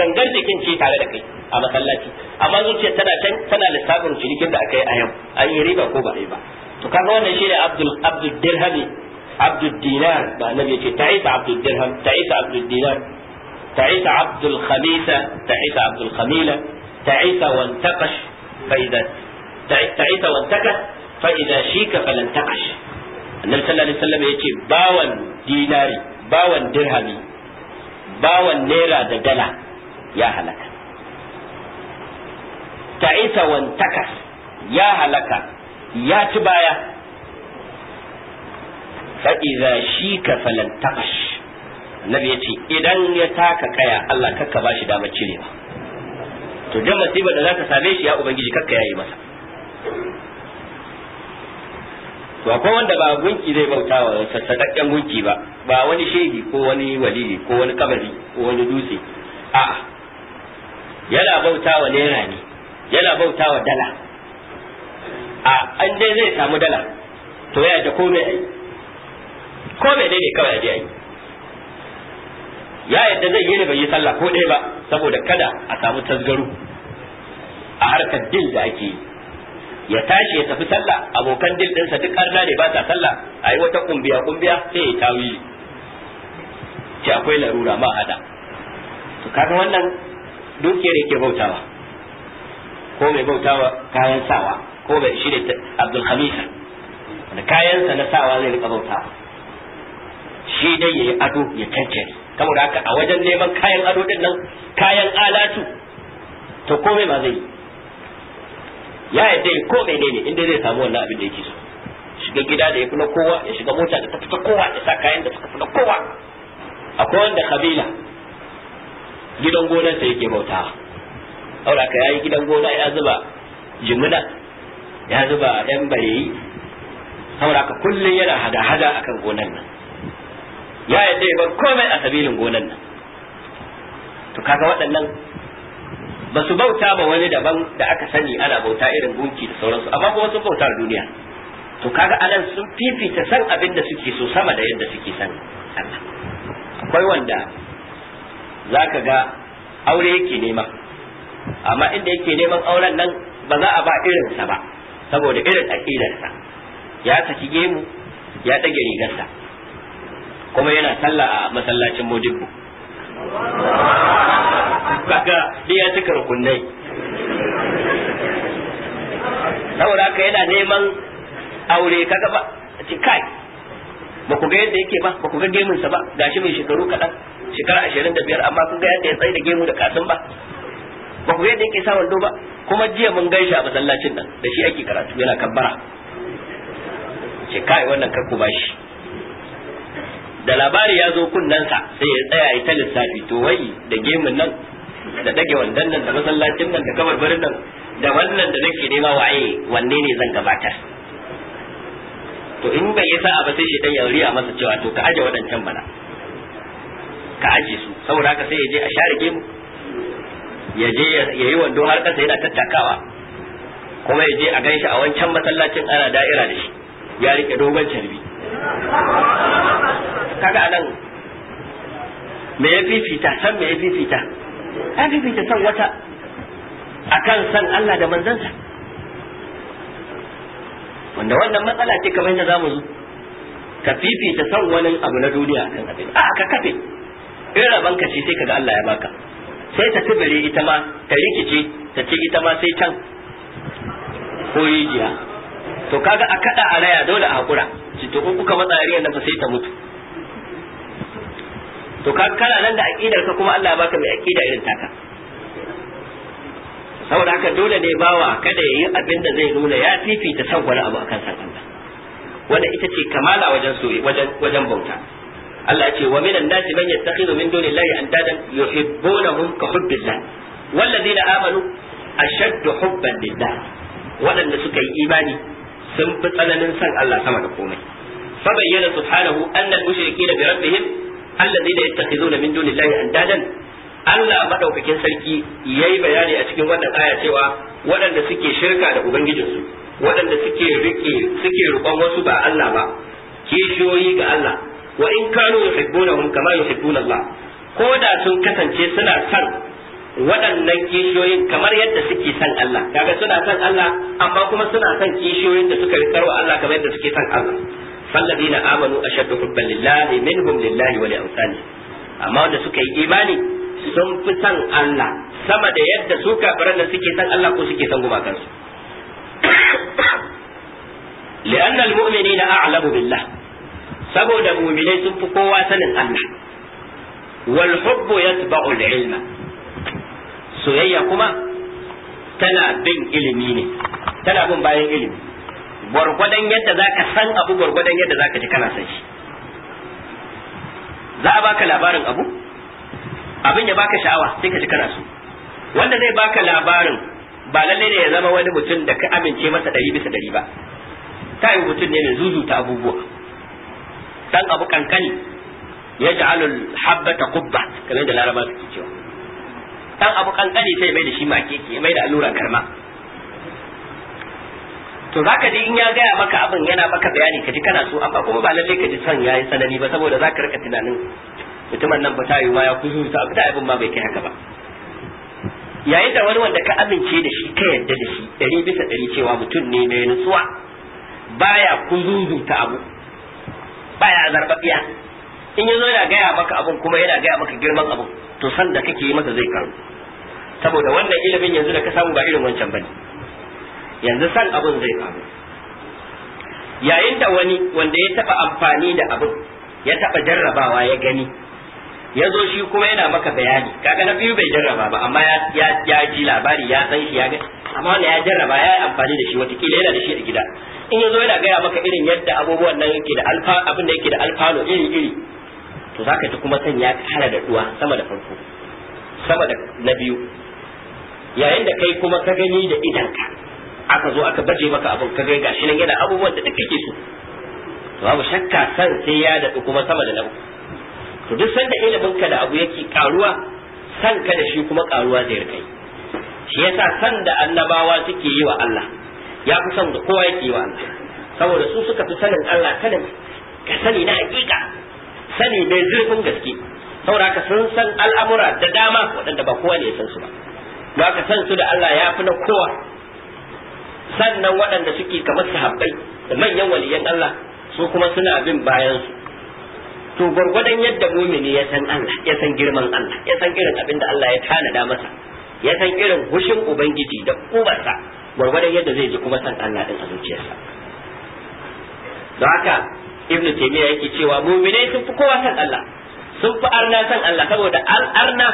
gangar jikin ce tare da kai a masallaci amma zuciyar tana can tana lissafin cinikin da aka yi a yau an yi riba ko ba a yi ba to kaga wannan shi ne abdul abdul dirhami abdul dinar ba annabi yace ta'isa abdul dirham ta'isa abdul dinar تعيس عبد الخميسة تعيس عبد الخميلة تعيس وانتقش فإذا تعيس وانتكس فإذا شيك فلن تقش النبي صلى الله عليه وسلم يأتي باون ديناري باون درهمي باون نيرا دجلة يا هلك تعيس وانتكس يا هلك يا تبايا فإذا شيك فلن تقش nabi ya ce idan ya taka kaya Allah kakka ba shi damar cirewa to Jan masiba da za ta same shi ya ubangiji kakka yayi masa to akwai wanda ba gunki zai bauta wa sassaƙaƙƙen gunki ba ba wani shehi ko wani walili ko wani kabari ko wani dutse a'a yana bauta wa naira ne yana bauta wa dala a an dai zai samu dala to ya da komai ai komai dai ne kawai a je ai ya yadda zai yi bai yi sallah ko ɗaya ba saboda kada a samu tasgaru a harkar dil da ake yi ya tashi ya tafi sallah abokan dil ɗinsa duk arna ne ba sa sallah a yi wata kumbiya kumbiya sai ya tawi ce akwai larura ma hada to kaga wannan dukiyar yake bautawa ko mai bautawa kayan sawa ko bai shi ne Abdul Hamisa da kayansa na sawa zai rika bautawa shi dai ya yi ado ya cancare saboda haka a wajen neman kayan ado din nan kayan alatu to komai ma zai ya yadda yi ko menene inda zai samu wannan abin da yake so shiga gida da ya fi na kowa ya shiga mota da ta kowa ya sa kayan da suka fi na kowa akwai wanda kabila gidan gonarsa yake bautawa aura ka yayi gidan gona ya zuba jimina ya zuba yan bareyi saboda ka kullun yana hada-hada akan gonar nan ya yadda ya bar komai a sabilin gonan nan to kaga waɗannan ba su bauta ba wani daban da aka sani ana bauta irin gunki da sauransu amma kuma sun bauta duniya to kaga anan sun fifita san abin da suke so sama da yadda suke san Allah akwai wanda zaka ga aure yake nema amma inda yake neman auren nan ba za a ba irinsa ba saboda irin aƙidarsa ya saki gemu ya ɗage rigarsa kuma yana sallah a masallacin Modibo, kaga dai ya cika rukunai saboda ka yana neman aure kaga ba ci kai ba ku ga yadda yake ba ba ku ga sa ba gashi mai shekaru kaɗan shekara ashirin da biyar amma kun ga yadda ya tsaye da gemu da kasin ba ba ku ga yadda yake sa wando ba kuma jiya mun gaishe a masallacin nan da shi ake karatu yana kabbara ce kai wannan karku bashi da labari ya zo kunnensa sai ya tsaya ya ta lissafi to wai da gemun nan da dage wandan nan da masallacin nan da kabarbarin nan da wannan da nake nema waye wanne ne zan gabatar to in bai yi sa'a ba sai shi dan ya riya masa cewa to ka aje waɗancan bana ka aje su saboda haka sai ya je a share gemu ya je ya yi wando har kasa yana tattakawa kuma ya je a ganshi a wancan masallacin ana da'ira da shi ya rike dogon carbi kaga anan me ya fifita san me ya fifita ya fifita san wata a kan san Allah da manzansa wanda wannan matsala ce kamar yadda zamu zo ka fifita san wani abu na duniya akan abin a ka kafe in rabon ka ce sai kaga Allah ya baka sai ta tubare ita ma ta rikice ta ce ita ma sai can ko rijiya to kaga a kada a raya dole a hakura ce to kuka matsa yariyar nan fa sai ta mutu to ka kana nan da aqidar ka kuma Allah ya baka mai aqida irin taka saboda haka dole ne bawa kada yayi abin da zai nuna ya fifita san wani abu akan san Allah wanda ita ce kamala wajen so wajen wajen bauta Allah ce wa minan nasi man yattakhidhu min dunillahi andadan yuhibbunahum ka hubbillah walladheena amanu ashaddu hubban lillah waɗanda suka yi imani sun fi tsananin san Allah sama da komai fa bayyana subhanahu annal mushrikeena bi rabbihim alladheena yattakhizuna min dunillahi andadan Allah madaukakin sarki yayi bayani a cikin wannan aya cewa waɗanda suke shirka da ubangijinsu waɗanda suke rike suke rubon wasu ba Allah ba kishiyoyi ga Allah wa in kanu yuhibbunahum kama yuhibbuna Allah ko da sun kasance suna san waɗannan kishiyoyin kamar yadda suke son Allah kaga suna son Allah amma kuma suna son kishiyoyin da suka rikarwa Allah kamar yadda suke son Allah fallazina amanu ashaddu hubban lillahi minhum lillahi wa li'amsani amma wanda suka yi imani sun fi son Allah sama da yadda su kafiran da suke son Allah ko suke son gumakansu لأن المؤمنين أعلم بالله saboda muminai sun fi kowa sanin Allah wal hubbu yatba'u al-ilma soyayya kuma tana bin ilimi ne tana bin bayan ilimi gwargwadon yadda za ka san abu gwargwadon yadda za ka ji kana san shi za a baka labarin abu abin ya baka sha'awa sai ka ji kana so wanda zai baka labarin ba lallai ne ya zama wani mutum da ka amince masa ɗari bisa ɗari ba ta yi mutum ne mai zuzuta abubuwa dan abu kankani ya ja'alul habbata qubba kamar da laraba suke cewa dan abu kankani sai mai da shi ma keke mai da allura karma to zaka ji in ya gaya maka abin yana maka bayani ka ji kana so amma kuma ba lalle ka ji son yayi sanani ba saboda zaka rika tunanin mutumin nan ba ta yi ma ya kuzu ta abin abin ma bai kai haka ba yayin da wani wanda ka amince da shi ka yarda da shi ɗari bisa ɗari cewa mutum ne mai nutsuwa baya ta abu baya zarbabiya in yazo yana gaya maka abin kuma yana gaya maka girman abin to san da kake yi masa zai karu saboda wannan ilimin yanzu da ka samu ba irin wancan bane yanzu san abun zai karu yayin da wani wanda ya taba amfani da abin ya taba jarrabawa ya gani ya zo shi kuma yana maka bayani kaga na biyu bai jarraba ba amma ya ya ji labari ya san shi ya ga amma wanda ya jarraba ya yi amfani da shi watakila yana da shi a gida in ya zo yana gaya maka irin yadda abubuwan nan yake da alfa abin da yake da alfano iri iri to za ka ji kuma san ya kara da ɗuwa sama da farko sama da na biyu yayin da kai kuma ka gani da idanka aka zo aka baje maka abin ka gai gashi nan yana abubuwan da duk kake so to babu shakka san sai ya da kuma sama da na uku to duk sanda ilimin ka da abu yake karuwa san ka da shi kuma karuwa zai rika yi shi yasa san da annabawa suke yi wa Allah ya fi san da kowa yake yi wa Allah saboda su suka fi sanin Allah sanin ka sani na hakika sani mai zurfin gaske saboda haka sun san al'amura da dama waɗanda ba kowa ne ya san su ba ba ka san su da Allah ya fi na kowa sannan waɗanda suke kamar sahabbai da manyan waliyan Allah su kuma suna bin bayan su to gwargwadon yadda mumini ya san Allah ya san girman Allah ya san irin abin da Allah ya tanada masa ya san irin hushin ubangiji da kubarsa gwargwadon yadda zai ji kuma san Allah din a zuciyarsa don haka ibnu taymiya yake cewa mu'minai sun fi kowa san Allah sun fi arna san Allah saboda arna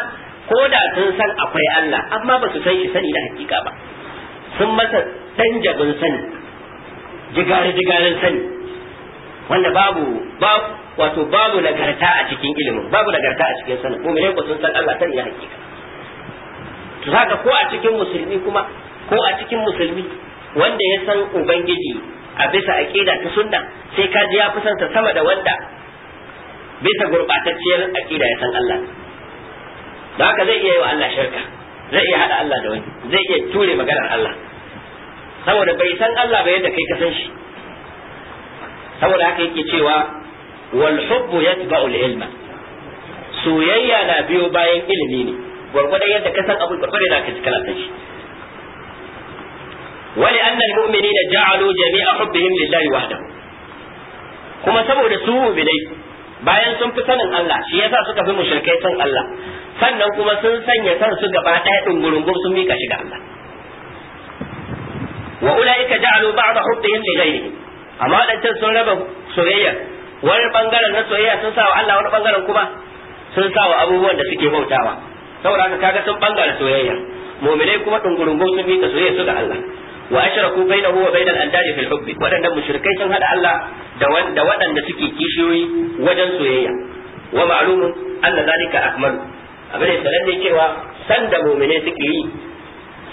ko da sun san akwai Allah amma ba su san shi sani da hakika ba sun masa dan jabin sani jigare jigaren sani wanda babu wato babu nagarta a cikin ilimin babu nagarta a cikin sani. mu'minai ko sun san Allah sani da hakika to haka ko a cikin musulmi kuma ko a cikin musulmi wanda ya san ubangiji a bisa aqida ta sunna sai ka ji ya fi sa sama da wanda bisa gurbatacciyar aqida ya san Allah da haka zai iya yi wa Allah shirka zai iya hada Allah da wani zai iya ture maganar Allah saboda bai san Allah ba yadda kai ka san shi saboda haka yake cewa wal hubbu yatba'u al ilma soyayya na biyo bayan ilimi ne gwargwadon yadda ka san abu gwargwadon da ka ji kana san shi wali annal mu'minina ja'alu jami'a hubbihim lillahi wahdahu kuma saboda su mu'minai bayan sun fi sanin Allah shi yasa suka fi mushrikai san Allah sannan kuma sun sanya kansu gaba ɗaya dungurungun sun mika shi ga Allah wa ulaika ja'alu ba'd hubbihim li ghayrihim amma wadancan sun raba soyayya wani bangaren na soyayya sun sa wa Allah wani bangaren kuma sun sa wa abubuwan da suke bautawa saboda haka kaga sun bangare soyayya mu'minai kuma dungurungun sun mika soyayya su ga Allah wa ashraku bainahu wa bainal andari fil hubbi wadannan mushrikai sun hada Allah da waɗanda suke kishiyoyi wajen soyayya wa ma'lumun anna zalika akmalu abin da sananne cewa san da mu'mine suke yi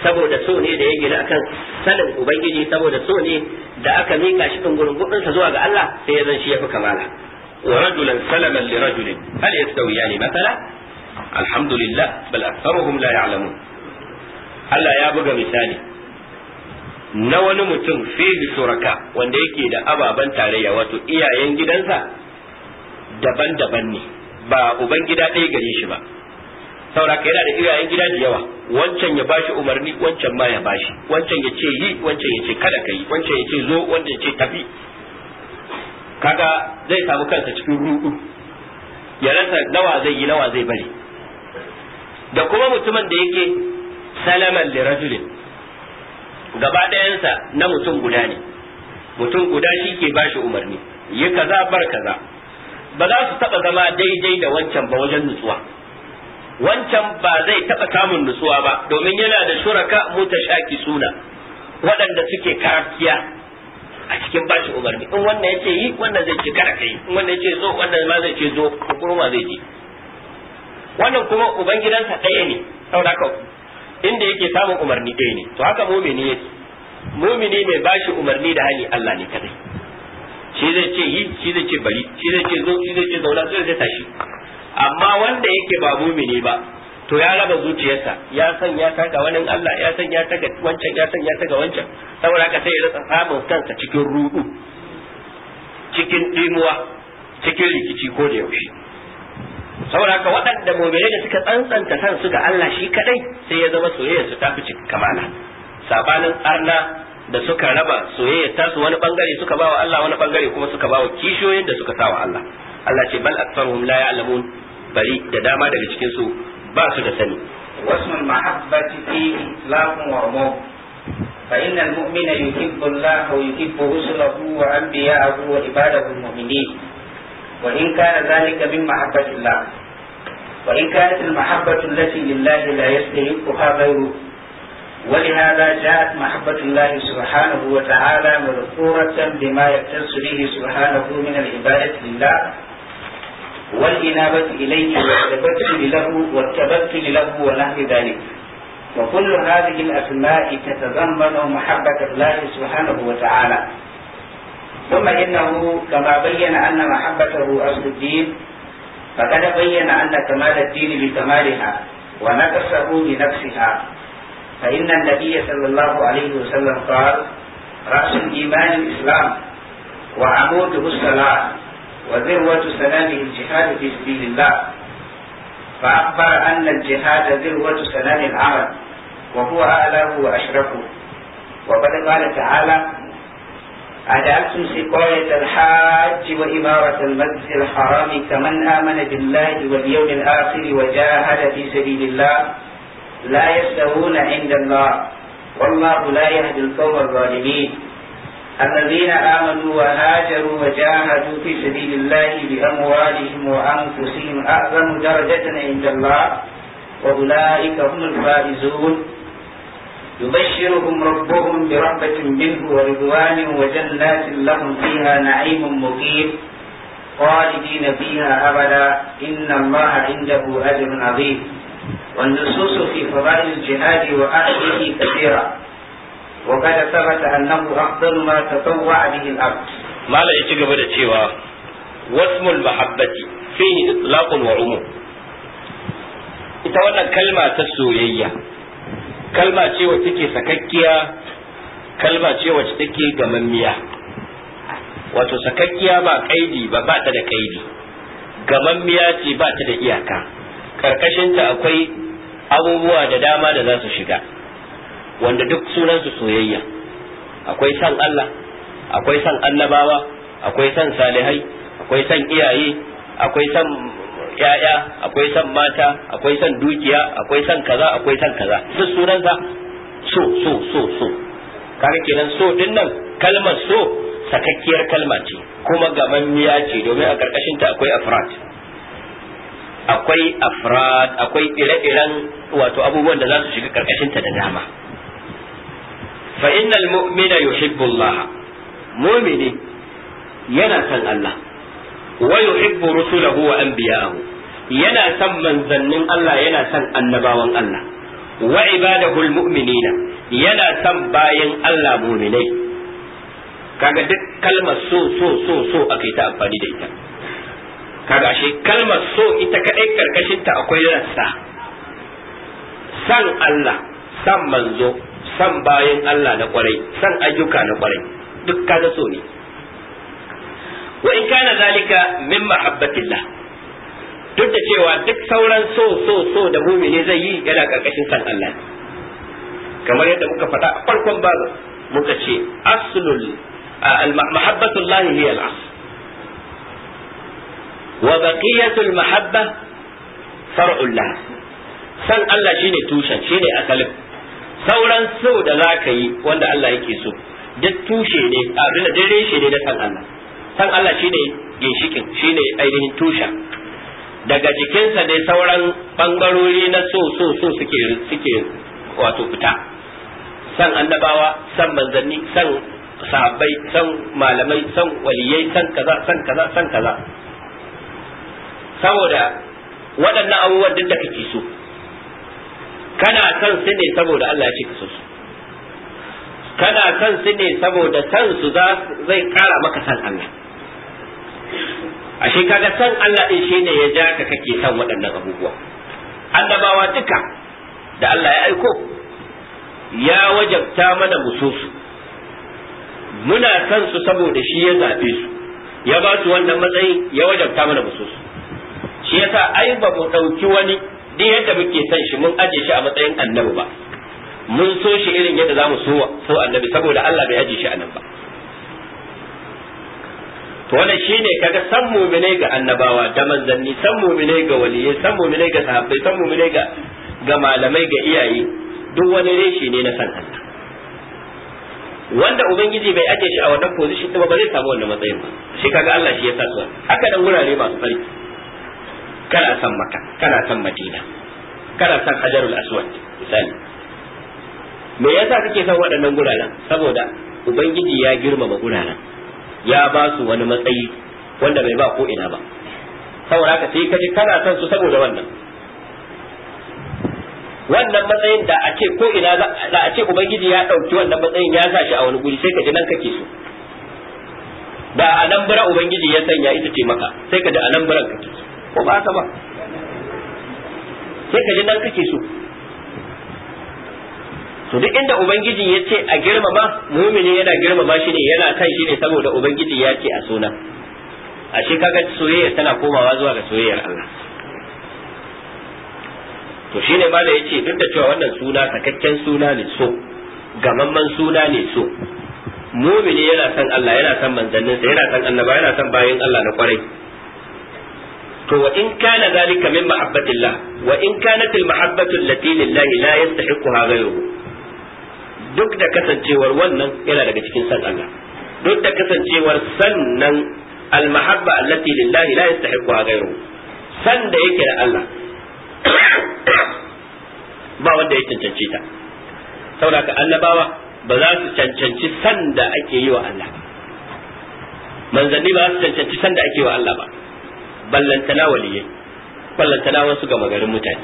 saboda so ne da ya gina akan sanin ubangiji saboda so ne da aka mika shi kan gurin gudunsa zuwa ga Allah sai ya zan shi yafi kamala wa rajulan salaman li rajulin hal yastawiyani mathala alhamdulillah bal aktharuhum la ya'lamun Allah ya buga misali na wani mutum fi suraka wanda yake da ababen tarayya wato iyayen gidansa daban-daban ne ba uban gida ɗaya gare shi ba sauraka yana da iyayen gida da yawa wancan ya bashi umarni wancan ma ya bashi wancan ya ce yi wancan ya ce kada ka yi wancan ya ce zo wancan ya ce tafi kaga zai samu kansa cikin ruɗu ya rasa nawa zai yi nawa zai bari da kuma mutumin da yake salaman lirajulin gaba ɗayansa na mutum guda ne mutum guda shi ke ba shi umarni yi kaza bar kaza ba za su taɓa zama daidai da wancan ba wajen nutsuwa wancan ba zai taɓa samun nutsuwa ba domin yana da shuraka mutashaki suna waɗanda suke karafiya a cikin bashi umarni in wannan yace yi wannan zai ce kada kai in wannan yace zo wannan ma zai ce zo kuma zai ji wannan kuma ubangidansa ɗaya ne saboda inda yake samun umarni ɗaya ne to haka mumini ce, mumini mai bashi umarni da hali Allah ne kadai shi zai ce yi shi zai ce bari shi zai ce zo shi zai ce zauna sai zai tashi amma wanda yake ba mumini ba to ya raba zuciyarsa ya san ya taka wani Allah ya san ya taka wancan ya san ya taka wancan saboda haka sai ya rasa samun kansa cikin rudu cikin dimuwa cikin rikici ko da yaushe saboda haka waɗanda mu'minai da suka tsantsanta san su ga Allah shi kadai sai ya zama soyayya su tafi cika kamala sabanin arna da suka raba soyayya tasu wani bangare suka bawa Allah wani bangare kuma suka bawa kishiyoyin da suka sawa Allah Allah ce bal aktsaruhum la ya'lamun bari da dama daga cikin su ba su da sani wasmul mahabbati fi lahum wa yuhibbu Allah wa yuhibbu rusulahu wa anbiya'ahu wa ibadahu المؤمنين وإن كان ذلك من محبة الله وإن كانت المحبة التي لله لا يستحقها غيره ولهذا جاءت محبة الله سبحانه وتعالى مذكورة بما يختص به سبحانه من العبادة لله والإنابة إليه والتبتل له والتبتل له ونحو ذلك وكل هذه الأسماء تتضمن محبة الله سبحانه وتعالى ثم إنه كما بين أن محبته أصل الدين فقد بين أن كمال الدين بكمالها ونقصه بنفسها فإن النبي صلى الله عليه وسلم قال رأس الإيمان الإسلام وعموده الصلاة وذروة سلامه الجهاد في سبيل الله فأخبر أن الجهاد ذروة سلام العمل وهو أعلاه وأشرفه وقد قال تعالى على أسس سقاية الحاج وإمارة المسجد الحرام كمن آمن بالله واليوم الآخر وجاهد في سبيل الله لا يستوون عند الله والله لا يهدي القوم الظالمين الذين آمنوا وهاجروا وجاهدوا في سبيل الله بأموالهم وأنفسهم أعظم درجة عند الله وأولئك هم الفائزون يبشرهم ربهم برحمة منه ورضوان وجنات لهم فيها نعيم مقيم خالدين فيها أبدا إن الله عنده أجر عظيم والنصوص في فضائل الجهاد وأهله كثيرة وقد ثبت أنه أفضل ما تطوع به الأرض ما لا يتجب لتيوا واسم المحبة فيه إطلاق وعموم ita كلمة kalma ta kalma ce wa take sakakkiya kalma ce wacce take gamammiya wato sakakkiya ba kaidi ba ba ta da kaidi gamammiya ce ba ta da iyaka karkashinta akwai abubuwa da dama da za su shiga wanda duk sunansu soyayya akwai san Allah akwai san annabawa akwai san salihai akwai san iyaye akwai san Ƴaƴa akwai san mata akwai san dukiya akwai san kaza akwai san kaza duk sunansa so so so so kaga kenan so din nan kalmar so sakakkiyar kalma ce kuma miya ce domin a karkashin ta akwai afrat akwai afrat akwai ire-iren wato abubuwan da za su shiga karkashin ta da dama fa innal mu'mina yuhibbu mu'mini yana san Allah wa yuhibbu rusulahu wa anbiya'ahu yana son manzannin Allah yana son annabawan Allah wa ibadahu almu'minina yana son bayin Allah mu'minai kaga duk kalmar so so so so akai ta amfani da ita kaga shi kalmar so ita kadai karkashin ta akwai rassa san Allah san manzo san bayin Allah na kwarai san ayyuka na kwarai duk kaga so ne wa in kana zalika min mahabbatillah duk da cewa duk sauran so so so da mumini zai yi yana karkashin san Allah kamar yadda muka faɗa a farkon babu muka ce aslul mahabbatullah hiya al-asl wa baqiyatul mahabba far'ullah san Allah shine tushen shine asalin sauran so da zaka yi wanda Allah yake so duk tushe ne abin da dare shi ne da san Allah san Allah shine ginshikin shine ainihin tusha daga jikinsa ne sauran bangarori na so so so suke suke wato fita san annabawa san manzanni san sahabbai san malamai san waliyai san kaza san kaza san kaza saboda waɗannan abubuwan duk da kake so kana san su ne saboda Allah ya ce ka so su kana san su ne saboda san su za zai kara maka san Allah ashe kaga san Allah din shine ya ja ka kake san waɗannan abubuwa annabawa duka da Allah ya aiko ya wajabta mana mususu muna san su saboda shi ya zabe su ya ba su wannan matsayi ya wajabta mana mususu shi yasa ai ba mu dauki wani duk yadda muke san shi mun aje shi a matsayin annabi ba mun so shi irin yadda zamu so so annabi saboda Allah bai aje shi anan ba to wannan shine kaga san mu'minai ga annabawa da manzanni san mu'minai ga waliyai san mu'minai ga sahabbai san mu'minai ga ga malamai ga iyaye duk wani reshi ne na san Allah wanda ubangiji bai ake shi a wannan position ba zai samu wannan matsayin ba shi kaga Allah shi ya sa su haka dan gurare masu farki kana san maka kana san madina kana san hajarul aswad misali me yasa kake san waɗannan guraren saboda ubangiji ya girmama guraren ya ba su wani matsayi wanda bai ba ko ina ba saboda haka sai kaji kana son su saboda wannan wannan matsayin da a ce ko ina da a ce ubangiji ya dauki wannan matsayin ya sa shi a wani guri sai kaji nan kake so da a nan bura ubangiji ya sanya ita ce maka sai kaji a nan buran kake so ko ba haka ba sai kaji nan kake so to duk inda ubangiji ya ce a girmama mumini yana girmama shi ne yana kan shi ne saboda ubangiji ya ce a suna ashe kaga soyayya tana komawa zuwa ga soyayyar Allah to ne ma ya ce, duk da cewa wannan suna sakakken suna ne so gamamman suna ne so mumini yana san Allah yana san manzanninsa yana san annaba yana san bayin Allah na kwarai to wa in kana zalika min mahabbatillah wa in kanat al mahabbatu allati lillahi la yastahiquha ghayruhu duk da kasancewar wannan yana daga cikin san Allah duk da kasancewar sannan almahabba allati lillahi la yastahiqu ghayru san da yake da Allah ba wanda ya cancanci ta saboda ka annabawa ba za su cancanci san da ake yi wa Allah manzanni ba su cancanci sanda ake wa Allah ba ballantana waliyai ballantana wasu ga magarin mutane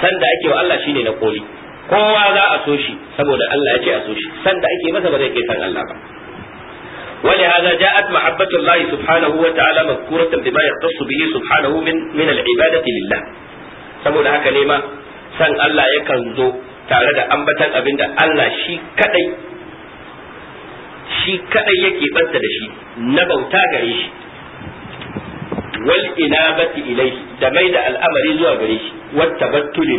sanda ake wa Allah shine na koli kowa za a so shi saboda Allah ya ce a so shi sanda ake masa ba zai ke san Allah ba ولهذا جاءت محبة الله سبحانه وتعالى مذكورة بما يختص به سبحانه من من العبادة لله. سبب هكا نيما سان الله يكنزو tare da ambatan abin da Allah shi kaɗai yake banta da shi na bauta gare shi wal inabati da mai da al'amari zuwa gare shi wat tabattuli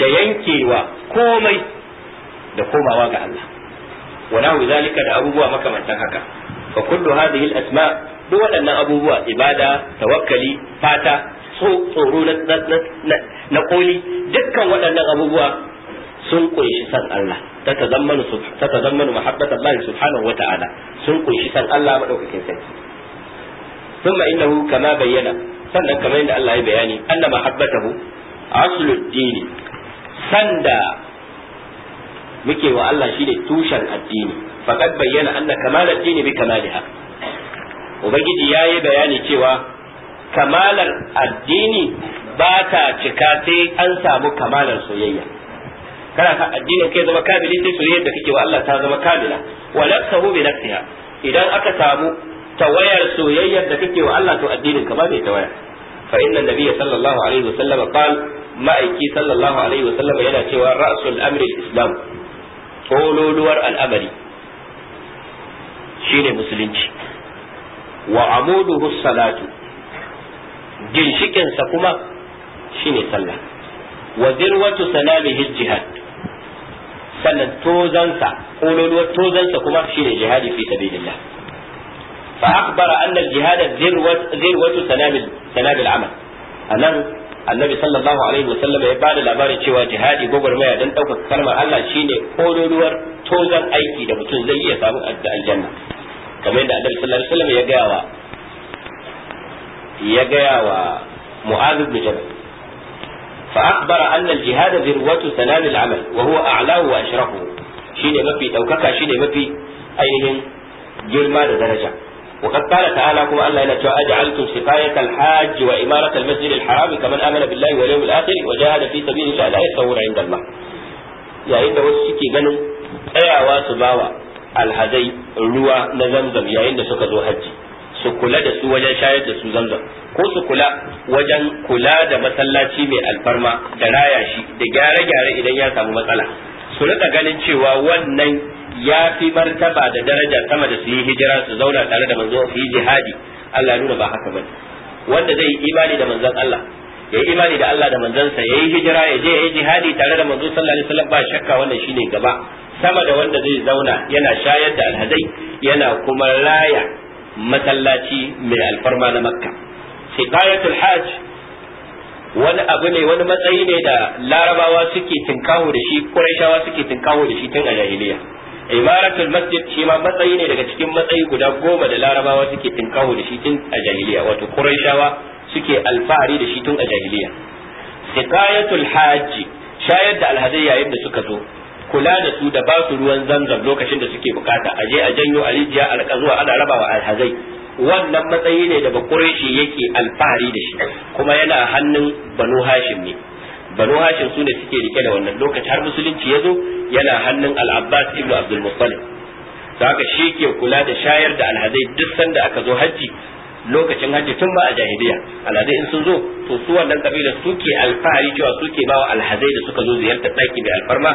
da yankewa komai da komawa ga Allah wa nahu zalika da abubuwa makamantan haka fa kullu hadhihi al-asma duk waɗannan abubuwa ibada tawakkali fata tsoro na koli dukkan waɗannan abubuwa sun kunshi san Allah ta tazammanu ta tazammanu mahabbata Allah subhanahu wa ta'ala sun kunshi san Allah madaukakin sarki thumma innahu kama bayyana sannan kamar yadda Allah ya bayani anna mahabbatahu aslud dini sanda muke wa Allah shi ne tushen addini faqad bayyana anna kamal addini bi kamaliha ubangiji yayi bayani cewa kamalar addini ba ta cika sai an samu kamalar soyayya kana ka addinin kai zama kamili sai soyayyar da kake wa Allah ta zama kamila wa nafsuhu bi nafsiha idan aka samu tawayar soyayyar da kake wa Allah to addinin ka ba zai tawaya fa inna nabiyya sallallahu alaihi wasallam qala ma'aiki sallallahu alaihi wa sallam yana cewa ra'sul amri islam kololuwar al'amari shine musulunci wa amuduhu salatu ginshikinsa kuma shine sallah wa zirwatu salamihi jihad sannan tozansa kololuwar tozansa kuma shine jihadi fi sabilillah fa akhbara anna al-jihad zirwatu salamil salamil amal anan annabi sallallahu alaihi wasallam ya bada labarin cewa jihadi gwagwarmaya don ɗaukaka kalmar Allah shine kololuwar tozan aiki da mutum zai iya samun aljanna kamar yadda annabi sallallahu alaihi wasallam ya gaya wa ya gaya wa mu'adh ibn jabal fa akhbara anna al-jihad zirwatu salam al-amal wa huwa a'lahu wa ashrafu shine mafi daukaka shine mafi ainihin girma da daraja وقد قال تعالى كما الله إن أجعلتم سقاية الحاج وإمارة المسجد الحرام كمن آمن بالله واليوم الآخر وجاهد في سبيل الله لا يستوون عند الله يا إن وسكي جنم أيا واسباوة alhazai ruwa na zamzam yayin da suka zo aji su kula da su wajen shayar da su zamzam ko su kula wajen kula da masallaci mai alfarma da raya shi da gyare-gyare idan ya samu matsala su rika ganin cewa wannan ya fi martaba da daraja sama da su yi hijira su zauna tare da manzo su yi jihadi Allah nuna ba haka bane wanda zai yi imani da manzon Allah ya yi imani da Allah da manzansa ya yi hijira ya je ya yi jihadi tare da manzo sallallahu alaihi wasallam ba shakka wannan shine gaba sama da wanda zai zauna yana shayar da alhazai yana kuma raya masallaci mai alfarma na makka siqayatul hajj wani abu ne wani matsayi ne da larabawa suke tinkawo da shi qurayshawa suke tinkawo da shi tun a jahiliya imaratul masjid shi ma matsayi ne daga cikin matsayi guda goma da larabawa suke tinkawo da shi tun a jahiliya wato quraishawa suke alfahari da shi tun a jahiliya siqayatul hajji shayar da alhazai yayin da suka zo kula da su da ba su ruwan zamzam lokacin da suke bukata aje a janyo alijiya zuwa ana rabawa alhazai wannan matsayi ne da bakureshi yake alfahari da shi kuma yana hannun banu hashim ne banu hashim su ne suke rike da wannan lokaci har musulunci ya zo yana hannun al'abbas ibn ibnu abdul muttalib haka shi ke kula da shayar da alhazai duk sanda aka zo hajji lokacin hajji tun ba a jahiliya alhazai in sun zo to su wannan kabilar suke alfahari cewa suke bawa alhazai da suka zo ziyartar ɗaki mai alfarma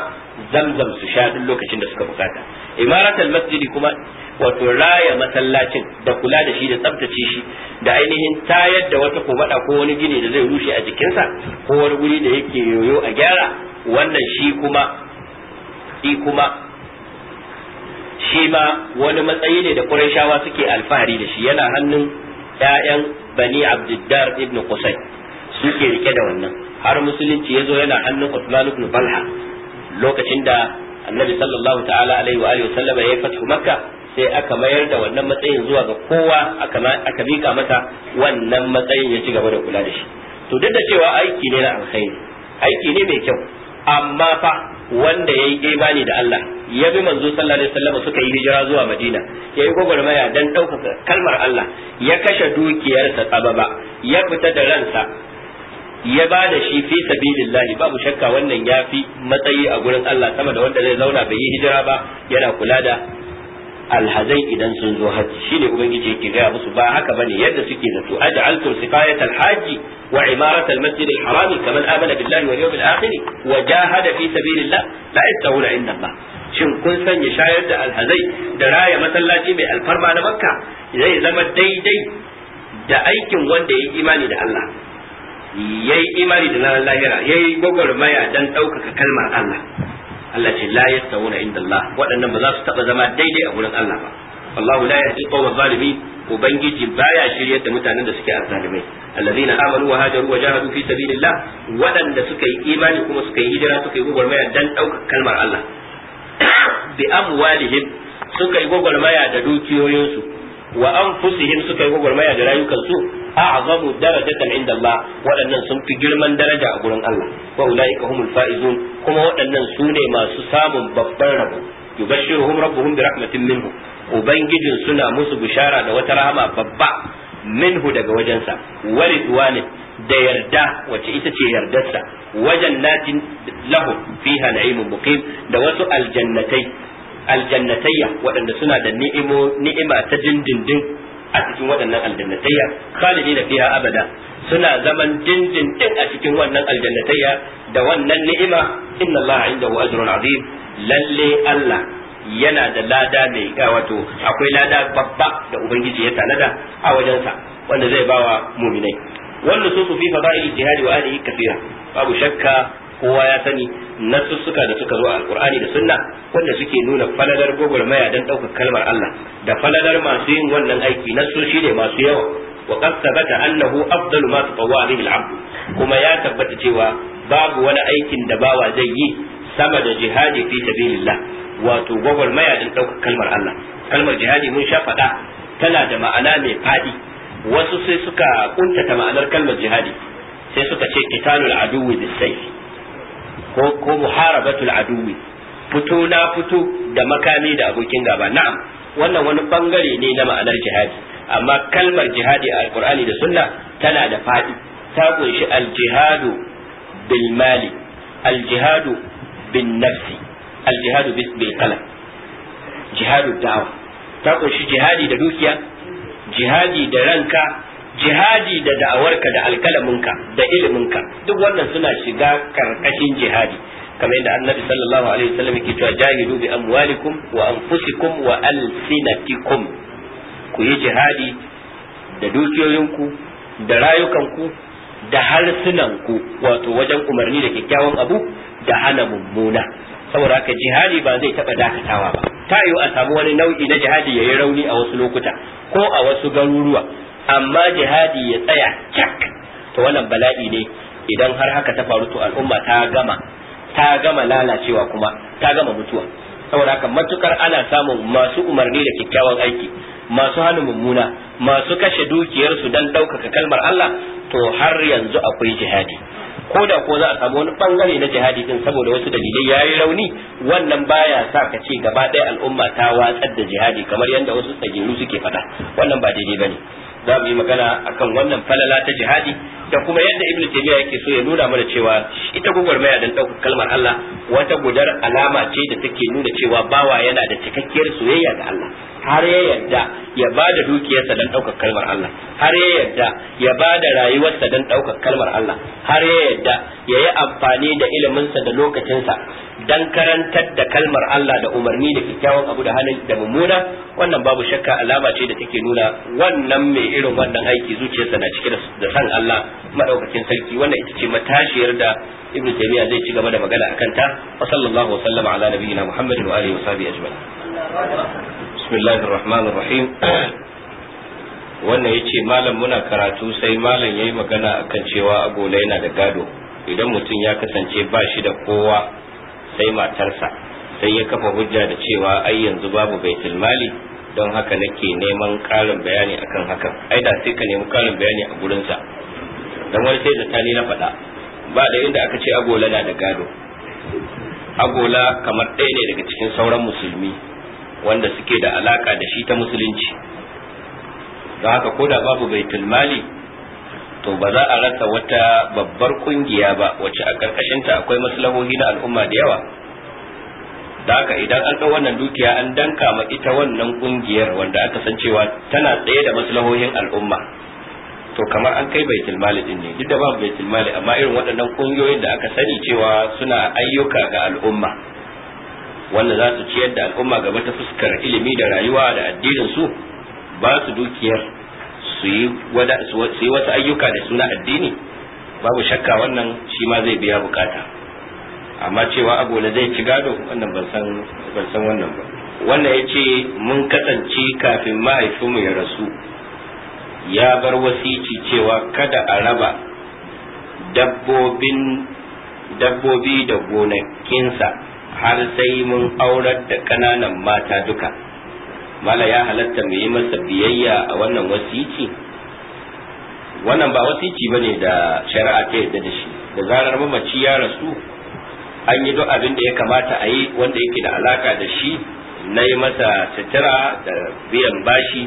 zamzam su sha duk lokacin da suka bukata imaratul masjidi kuma wato raya masallacin da kula da shi da tsabtace shi da ainihin tayar da wata komada ko wani gini da zai rushe a jikinsa ko wani guri da yake yoyo a gyara wannan shi kuma shi kuma shi ma wani matsayi ne da Qurayshawa suke alfahari da shi yana hannun ƴaƴan Bani Abdiddar ibn Qusay suke rike da wannan har musulunci ya zo yana hannun Uthman ibn Talha lokacin da Annabi sallallahu ta'ala alaihi wa alihi sallama ya fasku Makka sai aka mayar da wannan matsayin zuwa ga kowa aka mika masa wannan matsayin ya ci gaba da kula da shi to duk da cewa aiki ne na alkhairi aiki ne mai kyau amma fa wanda ya yi imani da Allah ya bi manzo sallallahu alaihi wasallam suka yi hijira zuwa Madina ya yi gwagwarmaya dan ɗaukaka kalmar Allah ya kashe dukiyarsa tsababa ya fita da ransa ya ba da shi fi sabilillahi babu shakka wannan ya fi matsayi a gurin Allah sama da wanda zai zauna bai yi hijira ba yana kula da alhazai idan sun zo hajji shine ubangiji yake gaya musu ba haka bane yadda suke zato aj'altum siqayat alhaji wa imarat almasjid alharam kaman amana billahi wal yawmil akhir wa jahada fi sabilillah la yastawuna inda Allah shin kun sanya shayar da alhazai da raya masallaci mai alfarma na makka zai zama daidai da aikin wanda ya imani da Allah yayi imani da lahira yayi maya dan ɗaukaka kalmar Allah Allah ce la yastawuna inda Allah waɗannan ba za su taba zama daidai a gurin Allah ba wallahu la yahdi qawma zalimin ubangiji baya shiryar da mutanen da suke azzalimai allazina amanu wa hajaru wa jahadu fi sabilillah waɗanda suka yi imani kuma suka yi hijira suka yi gwagwarmaya dan ɗaukar kalmar Allah bi amwalihim suka yi gwagwarmaya da dukiyoyinsu wa anfusihim suka yi gwagwarmaya da rayukansu A'a, daraja darajatan inda Allah waɗannan sun fi girman daraja a gurin Allah wa ulaika humul faizun kuma waɗannan sune masu samun babban rabo yubashshiruhum rabbuhum bi rahmatin minhu ubangijin suna musu bishara da wata rahama babba minhu daga wajensa wa ridwanin da yarda wace ita ce yardarsa wajen natin lahum fiha na'imun muqim da wasu aljannatai aljannatayya waɗanda suna da ni'ima ta dindindin a cikin waɗannan aljannatayya khalidina fiha abada suna zaman dindindin a cikin wannan aljannatayya da wannan ni'ima inna Allah indahu ajrun azim lalle Allah yana da lada mai eh, wato akwai lada babba da ubangiji ya tanada a wajensa wanda zai bawa muminai wannan su fi fadail jihadi wa alihi kafira babu shakka kowa ya sani nasussuka da suka zo a alkur'ani da sunna wanda suke nuna falalar gwagwarmaya don ɗaukar kalmar Allah da falalar masu yin wannan aiki shi ne masu yawa wa qad thabata annahu afdalu ma tatawwa bihi al-abd kuma ya tabbata cewa babu wani aikin da bawa zai yi sama da jihadi fi sabilillah wato gwagwarmaya don ɗaukar kalmar Allah kalmar jihadi mun sha faɗa tana da ma'ana mai faɗi wasu sai suka kuntata ma'anar kalmar jihadi sai suka ce qitalul aduwwi bis sayf ko ko muharabatul adumi. fito na fito da makami da abokin gaba na'am wannan wani bangare ne na ma'anar jihadi amma kalmar jihadi a alqur'ani da sunna tana da fadi ta kunshi aljihadu bil mali aljihadu bin nafsi aljihadu bil qalb jihadu da'wa ta kunshi jihadi da dukiya jihadi da ranka jihadi da da'awarka da alkalaminka da iliminka duk wannan suna shiga karkashin jihadi kamar yadda annabi sallallahu alaihi wasallam yake cewa jahidu bi amwalikum wa anfusikum wa alsinatikum ku yi jihadi da dukiyoyinku da rayukanku da harsunanku wato wajen umarni da kyakkyawan abu da hana mummuna saboda haka jihadi ba zai taɓa dakatawa ba ta yiwu a samu wani nau'i na jihadi ya yi rauni a wasu lokuta ko a wasu garuruwa amma jihadi ya tsaya cak to wannan bala'i ne idan har haka ta faru to al'umma ta gama ta gama lalacewa kuma ta gama mutuwa saboda haka matukar ana samun masu umarni da kyakkyawan aiki masu hannu mummuna masu kashe dukiyarsu don ɗaukaka kalmar Allah to har yanzu akwai jihadi ko da ko za a samu wani bangare na jihadi din saboda wasu dalilai yayi rauni wannan baya sa ka ce gaba ɗaya al'umma ta watsar da jihadi kamar yadda wasu tsagiru suke faɗa wannan ba daidai ba ne. za mu yi magana akan wannan falala ta jihadi da kuma yadda ibnu taymiya yake so ya nuna mana cewa ita gwagwarmaya dan ɗaukar kalmar Allah wata gudar alama ce da take nuna cewa bawa yana da cikakkiyar soyayya ga Allah har ya yadda ya ba da dukiyarsa dan ɗaukar kalmar Allah har ya yarda ya ba da rayuwarsa dan ɗauka kalmar Allah har ya yarda ya yi amfani da iliminsa da lokacinsa dan karantar da kalmar Allah da umarni da kyakkyawan abu da hannun da mummuna wannan babu shakka alama ce da take nuna wannan mai irin wannan aiki zuciyarsa na cike da san Allah madaukakin sarki wannan ita ce matashiyar da ibnu jami'a zai ci gaba da magana akan ta wa sallallahu wa sallama ala nabiyyina muhammadin wa alihi wa sahbihi ajma'in bismillahir rahmanir rahim wannan yace malam muna karatu sai malam yayi magana akan cewa agola yana da gado idan mutum ya kasance ba shi da kowa sai matarsa sai ya kafa hujja da cewa ai yanzu babu baitul mali don haka nake neman karin bayani akan hakan ai da sai ka nemi ƙarin bayani a gurin sa dan wani sai da ni na faɗa ba da inda aka ce agola na da gado agola kamar ɗaya ne daga cikin sauran musulmi wanda suke da alaka da shi ta musulunci don haka ko da babu baitul mali to ba za a rasa wata babbar kungiya ba wacce a ƙarƙashinta akwai maslahohi na al'umma da yawa da haka idan an ɗau wannan dukiya an danka ma ita wannan kungiyar wanda aka san cewa tana tsaye da maslahohin al'umma to kamar an kai baitul mali din ne duk da babu baitul mali amma irin waɗannan kungiyoyin da aka sani cewa suna ayyuka ga al'umma wanda za su ciyar da al'umma gaba ta fuskar ilimi da rayuwa da addinin su ba su dukiyar su yi wasu ayyuka da suna addini babu shakka wannan shi ma zai biya bukata amma cewa abu zai ci gado wannan ban san wannan ba wannan yace mun kasance kafin mahaifinmu ya rasu ya bar wasici cewa kada a raba dabbobin dabbobi da gonakinsa har sai mun aurar da ƙananan mata duka mala ya halatta mu yi masa biyayya a wannan wasici wannan ba wasici bane da shari'a ta yarda da shi da zarar mamaci ya rasu an yi duk abin da ya kamata a yi wanda yake da alaka da shi na yi masa sutura da biyan bashi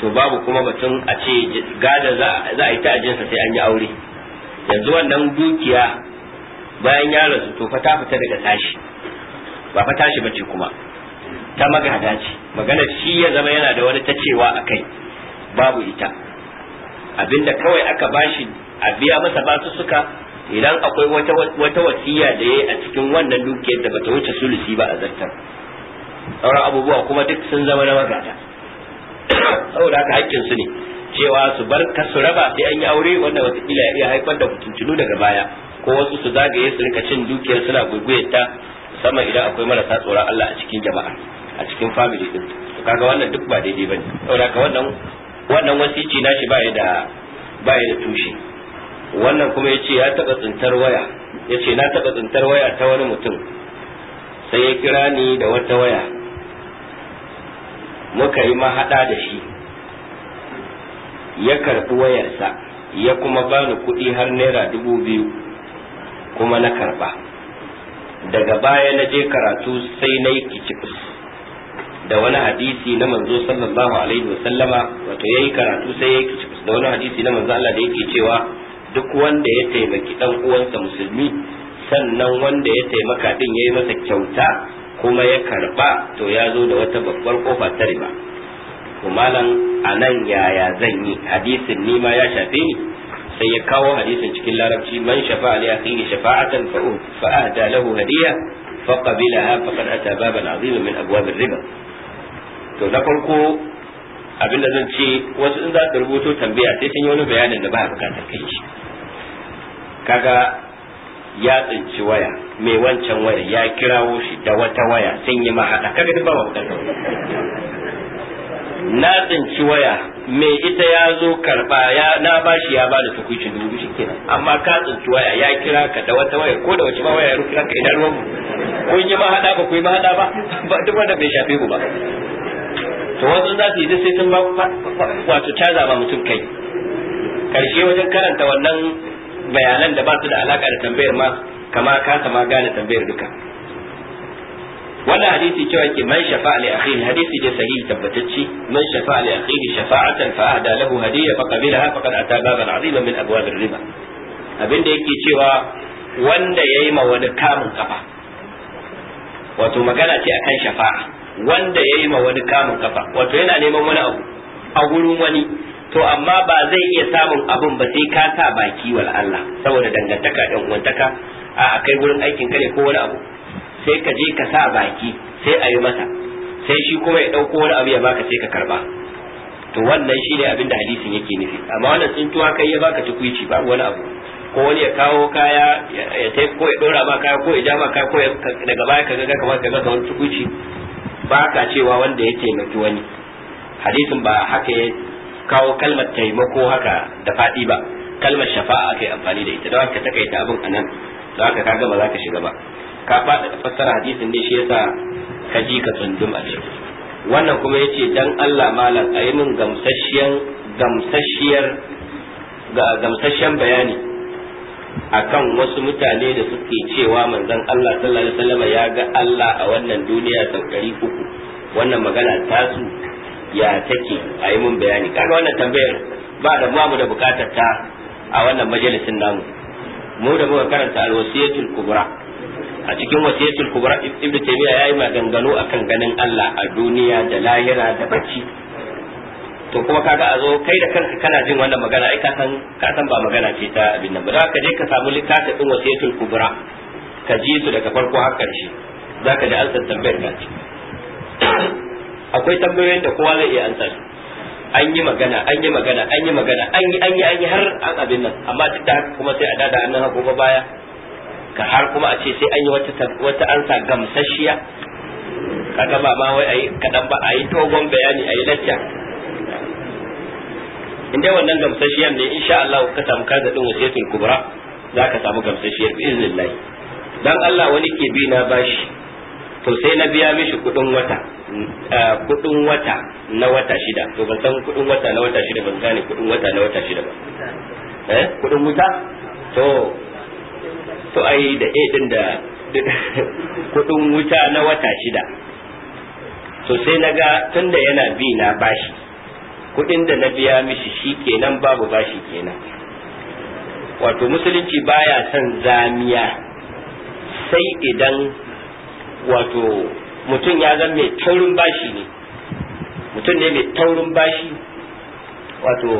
to babu kuma batun a ce gada za a yi ta sai an yi aure yanzu wannan dukiya bayan ya rasu to fa ta daga tashi ba fa tashi bace kuma ta magada ce magana shi ya zama yana da wani ta cewa a kai babu ita abinda kawai aka bashi a biya masa basu suka idan akwai wata wasiya da yayi a cikin wannan dukiyar da bata wuce sulusi ba a zartar sauran abubuwa kuma duk sun zama na magata saboda haka hakkin su ne cewa su bar ka su raba sai an yi aure wanda watakila ya iya haifar da mutuntunu daga baya ko wasu su zagaye su rika cin dukiyar suna gurguyar ta musamman idan akwai marasa tsoron Allah a cikin jama'a a cikin family din to kaga wannan duk ba daidai bane saboda haka wannan wannan wasici nashi ba ya da ba ya da tushe wannan kuma ya ce ya taɓa tsintar waya ya ce na taɓa tsintar waya ta wani mutum sai ya kira ni da wata waya muka yi mahaɗa da shi ya karɓi wayarsa ya kuma bani kuɗi har naira dubu biyu kuma na karɓa daga baya na je karatu sai na yi kicibis da wani hadisi na manzo sallallahu alaihi wasallama wato ya yi karatu sai ya yi da wani hadisi na manzo Allah da yake cewa duk wanda ya taimaki dan uwansa musulmi sannan wanda ya taimaka din yayi masa kyauta kuma ya karba to ya zo da wata babbar kofa ta riba kumalan a nan yaya zan yi hadisin ni ma ya shafe ni sai ya kawo hadisin cikin larabci man shafa ali akhihi shafa'atan fa ahda lahu hadiya fa qabilaha faqad ata baban azima min abwab riba to na farko abinda zan ce wasu in za ka rubuto tambaya sai sun yi wani bayanin da ba a bukatar kai shi kaga ya tsinci waya mai wancan waya ya kirawo shi da wata waya sun yi mahaɗa kaga duk ba wa na tsinci waya mai ita ya zo karba ya na bashi ya bada tukuci dubu shi kenan amma ka tsinci waya ya kira ka da wata waya ko da wace ba waya ya kira ka idan ruwan kun yi mahaɗa ba ku yi mahaɗa ba duk wanda bai shafe ku ba to wasu za su yi sai sun ba wato caza ba mutum kai karshe wajen karanta wannan bayanan da ba su da alaka da tambayar ma kama kasa ma gane tambayar duka wannan hadisi cewa ke man shafa'a li akhihi hadisi da sahihi tabbatacci man shafa'a li akhihi shafa'atan fa ahda lahu hadiyya fa qabilaha faqad ata baban azima min abwab ar-riba abinda yake cewa wanda yayi ma wani kamun kafa wato magana ce akan shafa'a wanda yayi ma wani kamun kafa wato yana neman wani abu a gurin wani to amma ba zai iya samun abin ba sai ka sa baki wal Allah saboda dangantaka ɗan uwantaka a kai gurin aikin kare ko wani abu sai ka je ka sa baki sai a yi masa sai shi kuma ya ɗauko wani abu ya baka sai ka karba to wannan shi ne abin da hadisin yake nufi amma wannan tsintuwa kai ya baka tukuici babu wani abu ko wani ya kawo kaya ya tai ko ya ɗora ba kaya ko ya ja ba kaya ko daga baya ka ga kamar ka ga wani tukuici ba ka cewa wanda ya taimaki wani hadisin ba haka ya kawo kalmar taimako haka da faɗi ba kalmar shafa'a kai amfani da ita don haka takaita abin anan don haka kaga ba za ka shiga ba ka faɗa da fassara hadisin ne shi yasa ka ji ka tsundum a ciki wannan kuma yace dan Allah malam ayi min gamsashiyan gamsashiyar ga a bayani akan wasu mutane da suke cewa manzon Allah sallallahu alaihi wasallam ya ga Allah a wannan duniya sau uku wannan magana ta su. ya take a yi mun bayani kaga wannan tambayar ba da ba mu da bukatar ta a wannan majalisin namu mu da muka karanta alwasiyatul kubra a cikin wasiyatul kubra ibnu taymiya yayi maganganu akan ganin Allah a duniya da lahira da bacci to kuma kaga a zo kai da kanka kana jin wannan magana ai ka san ka san ba magana ce ta abin nan ba za ka je ka samu littafin din wasiyatul kubra ka ji su daga farko har karshe za ka ji an san tambayar ta akwai tambayoyin da kowa zai iya ansa su an yi magana an yi magana an yi magana an yi an yi an yi har an abin nan amma duk da haka kuma sai a dada annan hagu ba baya ka har kuma a ce sai an yi wata wata ansa gamsashiya, kaga ba ma wai ayi kadan ba ayi dogon bayani ayi lacca Inda wannan gamsasshiyan ne insha Allah ka samu kaza din wasiyatul kubra za ka samu gamsashiyar bi iznillah dan Allah wani ke bi na bashi to sai na biya mishi kudin wata eh, kudin wata na wata shida to ban san kudin wata na wata shida ban gane kudin wata na wata shida ba eh kudin wuta to to ai da eh din da kudin wuta na wata shida to sai na ga tunda yana bi na bashi kudin da na biya mishi shi kenan babu bashi kenan wato musulunci baya son zamiya sai idan wato mutum ya zama mai taurin bashi ne mutum ne mai taurin bashi wato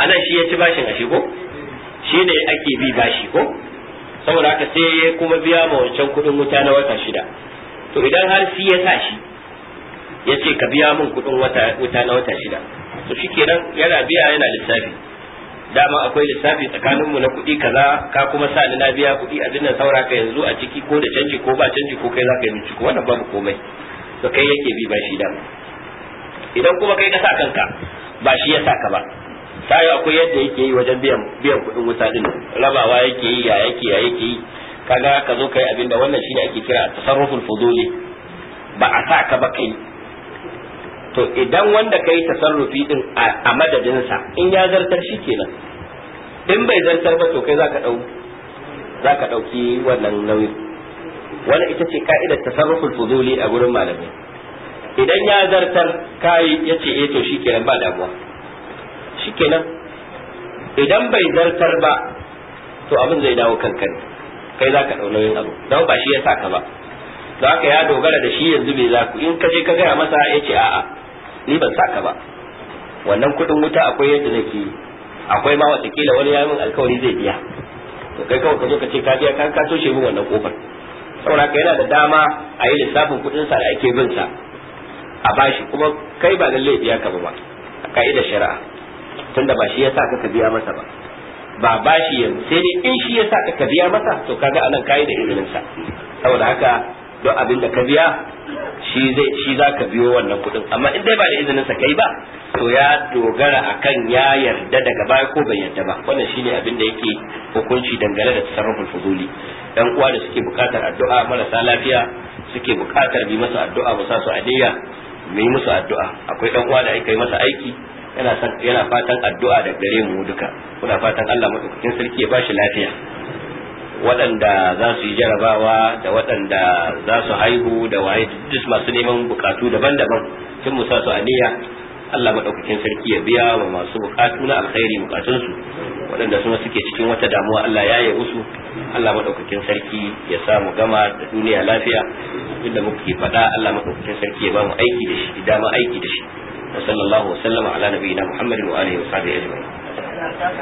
ana shi ya ci bashin a ko shi ne ake bi bashi ko saboda haka sai ya kuma biya ma wancan kudin wuta na wata shida to idan har si ya sa shi ya ce ka biya min kudin wuta na wata shida to kenan yana biya yana lissafi dama akwai lissafi tsakanin mu na kuɗi kaza ka kuma sa ni na biya kuɗi abin nan saura ka yanzu a ciki ko da canji ko ba canji ko kai zaka yi binciko wannan babu komai to kai yake bi ba shi dama idan kuma kai ka sa kanka ba shi ya sa ka ba sai akwai yadda yake yi wajen biyan biyan kuɗin wuta din rabawa yake yi ya yake ya yake yi kaga ka zo kai abin da wannan shine ake kira tasarruful fuduli ba a sa ka ba kai to idan wanda kai tasarrufi din a madadinsa in ya zartar shi kenan in bai zartar ba to kai zaka dau zaka dauki wannan nauyi wannan ita ce ka'idar tasarruful fuduli a gurin malamai idan ya zartar kai yace eh to kenan ba damuwa shikenan idan bai zartar ba to abin zai dawo kanka ne kai zaka dau nauyin abu dan ba shi ya saka ba da haka ya dogara da shi yanzu bai za ku in ka je ka gaya masa ya ce a'a ni ban saka ba wannan kudin wuta akwai yadda zai yi akwai ma kila wani yamin alkawari zai biya to kai kawai ka zo ka ce ka biya ka toshe min wannan kofar saboda ka yana da dama a yi lissafin kudin sa da ake bin sa a bashi kuma kai ba lalle biya ka ba a ka'idar shari'a tunda ba shi ya sa ka biya masa ba ba bashi yanzu sai dai in shi ya sa ka biya masa to kaga anan kai da izinin sa saboda haka don abin da ka biya shi zai za ka biyo wannan kuɗin amma in dai ba da izinin sa kai ba to ya dogara akan ya yarda daga baya ko bai yarda ba wannan shine abin da yake hukunci dangane da tasarruful fuzuli dan uwa da suke buƙatar addu'a marasa lafiya suke buƙatar bi masa addu'a ba sa su adiya mu yi musu addu'a akwai dan uwa da aka yi masa aiki yana fatan addu'a da gare mu duka kuna fatan Allah madaukakin sarki ya bashi lafiya waɗanda za su yi jarabawa da waɗanda za su haihu da waye duk masu neman bukatu daban-daban sun musa su aniya Allah maɗaukakin sarki ya biya wa masu bukatu na alkhairi bukatunsu waɗanda suna suke cikin wata damuwa Allah ya yi musu Allah maɗaukakin sarki ya sa mu gama da duniya lafiya inda muke faɗa Allah maɗaukakin sarki ya ba mu aiki da shi dama aiki da shi wa sallallahu wa sallama ala nabiyina Muhammadin wa alihi wa sahbihi ajma'in